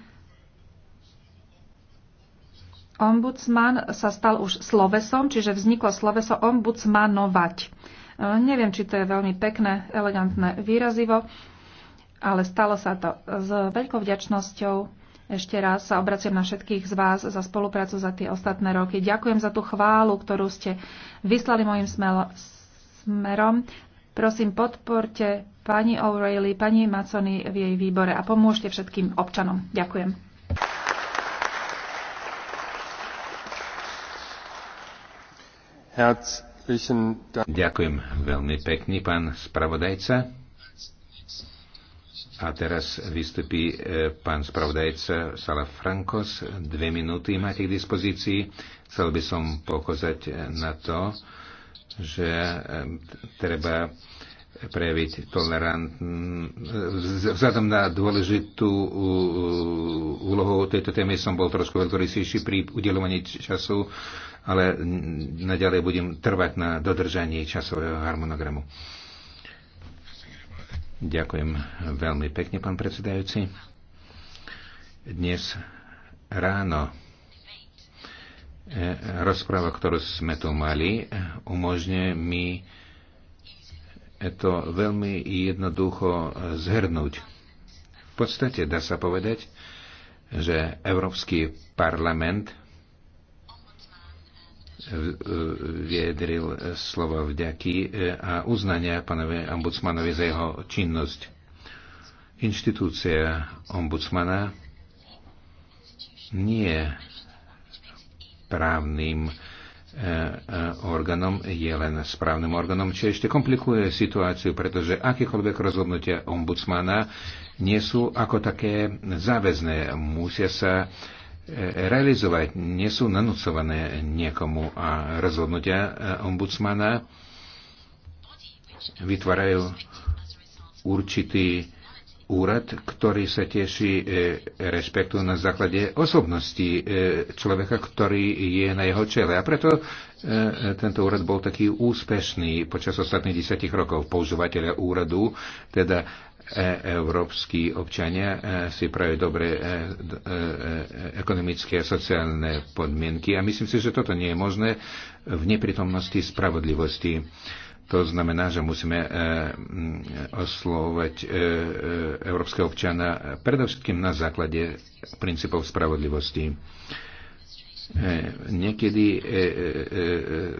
D: Ombudsman sa stal už slovesom, čiže vzniklo sloveso ombudsmanovať. E, neviem, či to je veľmi pekné, elegantné výrazivo, ale stalo sa to. S veľkou vďačnosťou ešte raz sa obraciam na všetkých z vás za spoluprácu za tie ostatné roky. Ďakujem za tú chválu, ktorú ste vyslali mojim smerom. Prosím, podporte pani O'Reilly, pani Maconi v jej výbore a pomôžte všetkým občanom. Ďakujem.
B: Ďakujem veľmi pekne, pán spravodajca. A teraz vystupí e, pán spravodajca Sala Frankos. Dve minúty máte k dispozícii. Chcel by som pokozať na to, že e, treba prejaviť tolerantn... Vzhľadom na dôležitú úlohu tejto témy som bol trošku veľkorysejší pri udelovaní času ale naďalej budem trvať na dodržanie časového harmonogramu. Ďakujem veľmi pekne, pán predsedajúci. Dnes ráno eh, rozpráva, ktorú sme tu mali, umožňuje mi to veľmi jednoducho zhrnúť. V podstate dá sa povedať, že Európsky parlament viedril slova vďaky e, a uznania pánovi ombudsmanovi za jeho činnosť. Inštitúcia ombudsmana nie je právnym e, e, orgánom, je len správnym orgánom, čo ešte komplikuje situáciu, pretože akékoľvek rozhodnutia ombudsmana nie sú ako také záväzné. Musia sa realizovať, nie sú nanúcované niekomu a rozhodnutia e, ombudsmana vytvárajú určitý úrad, ktorý sa teší e, rešpektu na základe osobnosti e, človeka, ktorý je na jeho čele. A preto tento úrad bol taký úspešný počas ostatných desiatich rokov. Používateľe úradu, teda E, európsky občania e, si prajú dobre e, ekonomické a sociálne podmienky a myslím si, že toto nie je možné v neprítomnosti spravodlivosti. To znamená, že musíme oslovať európskeho občana predovšetkým na základe princípov spravodlivosti. Niekedy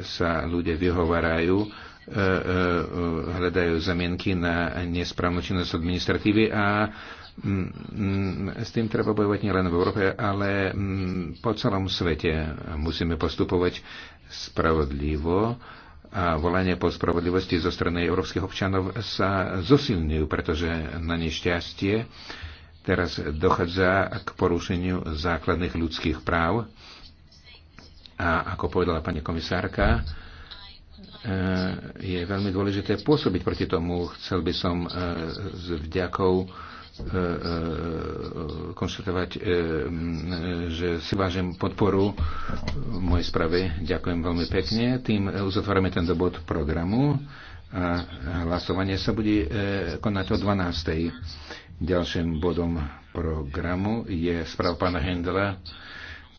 B: sa ľudia vyhovarajú E, e, hľadajú zamienky na nesprávnu činnosť administratívy a s tým treba bojovať nielen v Európe, ale po celom svete. Musíme postupovať spravodlivo a volanie po spravodlivosti zo strany európskych občanov sa zosilňujú, pretože na nešťastie teraz dochádza k porušeniu základných ľudských práv. A ako povedala pani komisárka, Eh, je veľmi dôležité pôsobiť proti tomu. Chcel by som eh, s vďakou eh, konštatovať, mm, že si vážim podporu mojej správy. Ďakujem veľmi pekne. Tým uzatvárame tento bod programu a hlasovanie sa bude konať o 12. Ďalším bodom programu je správa pána Hendela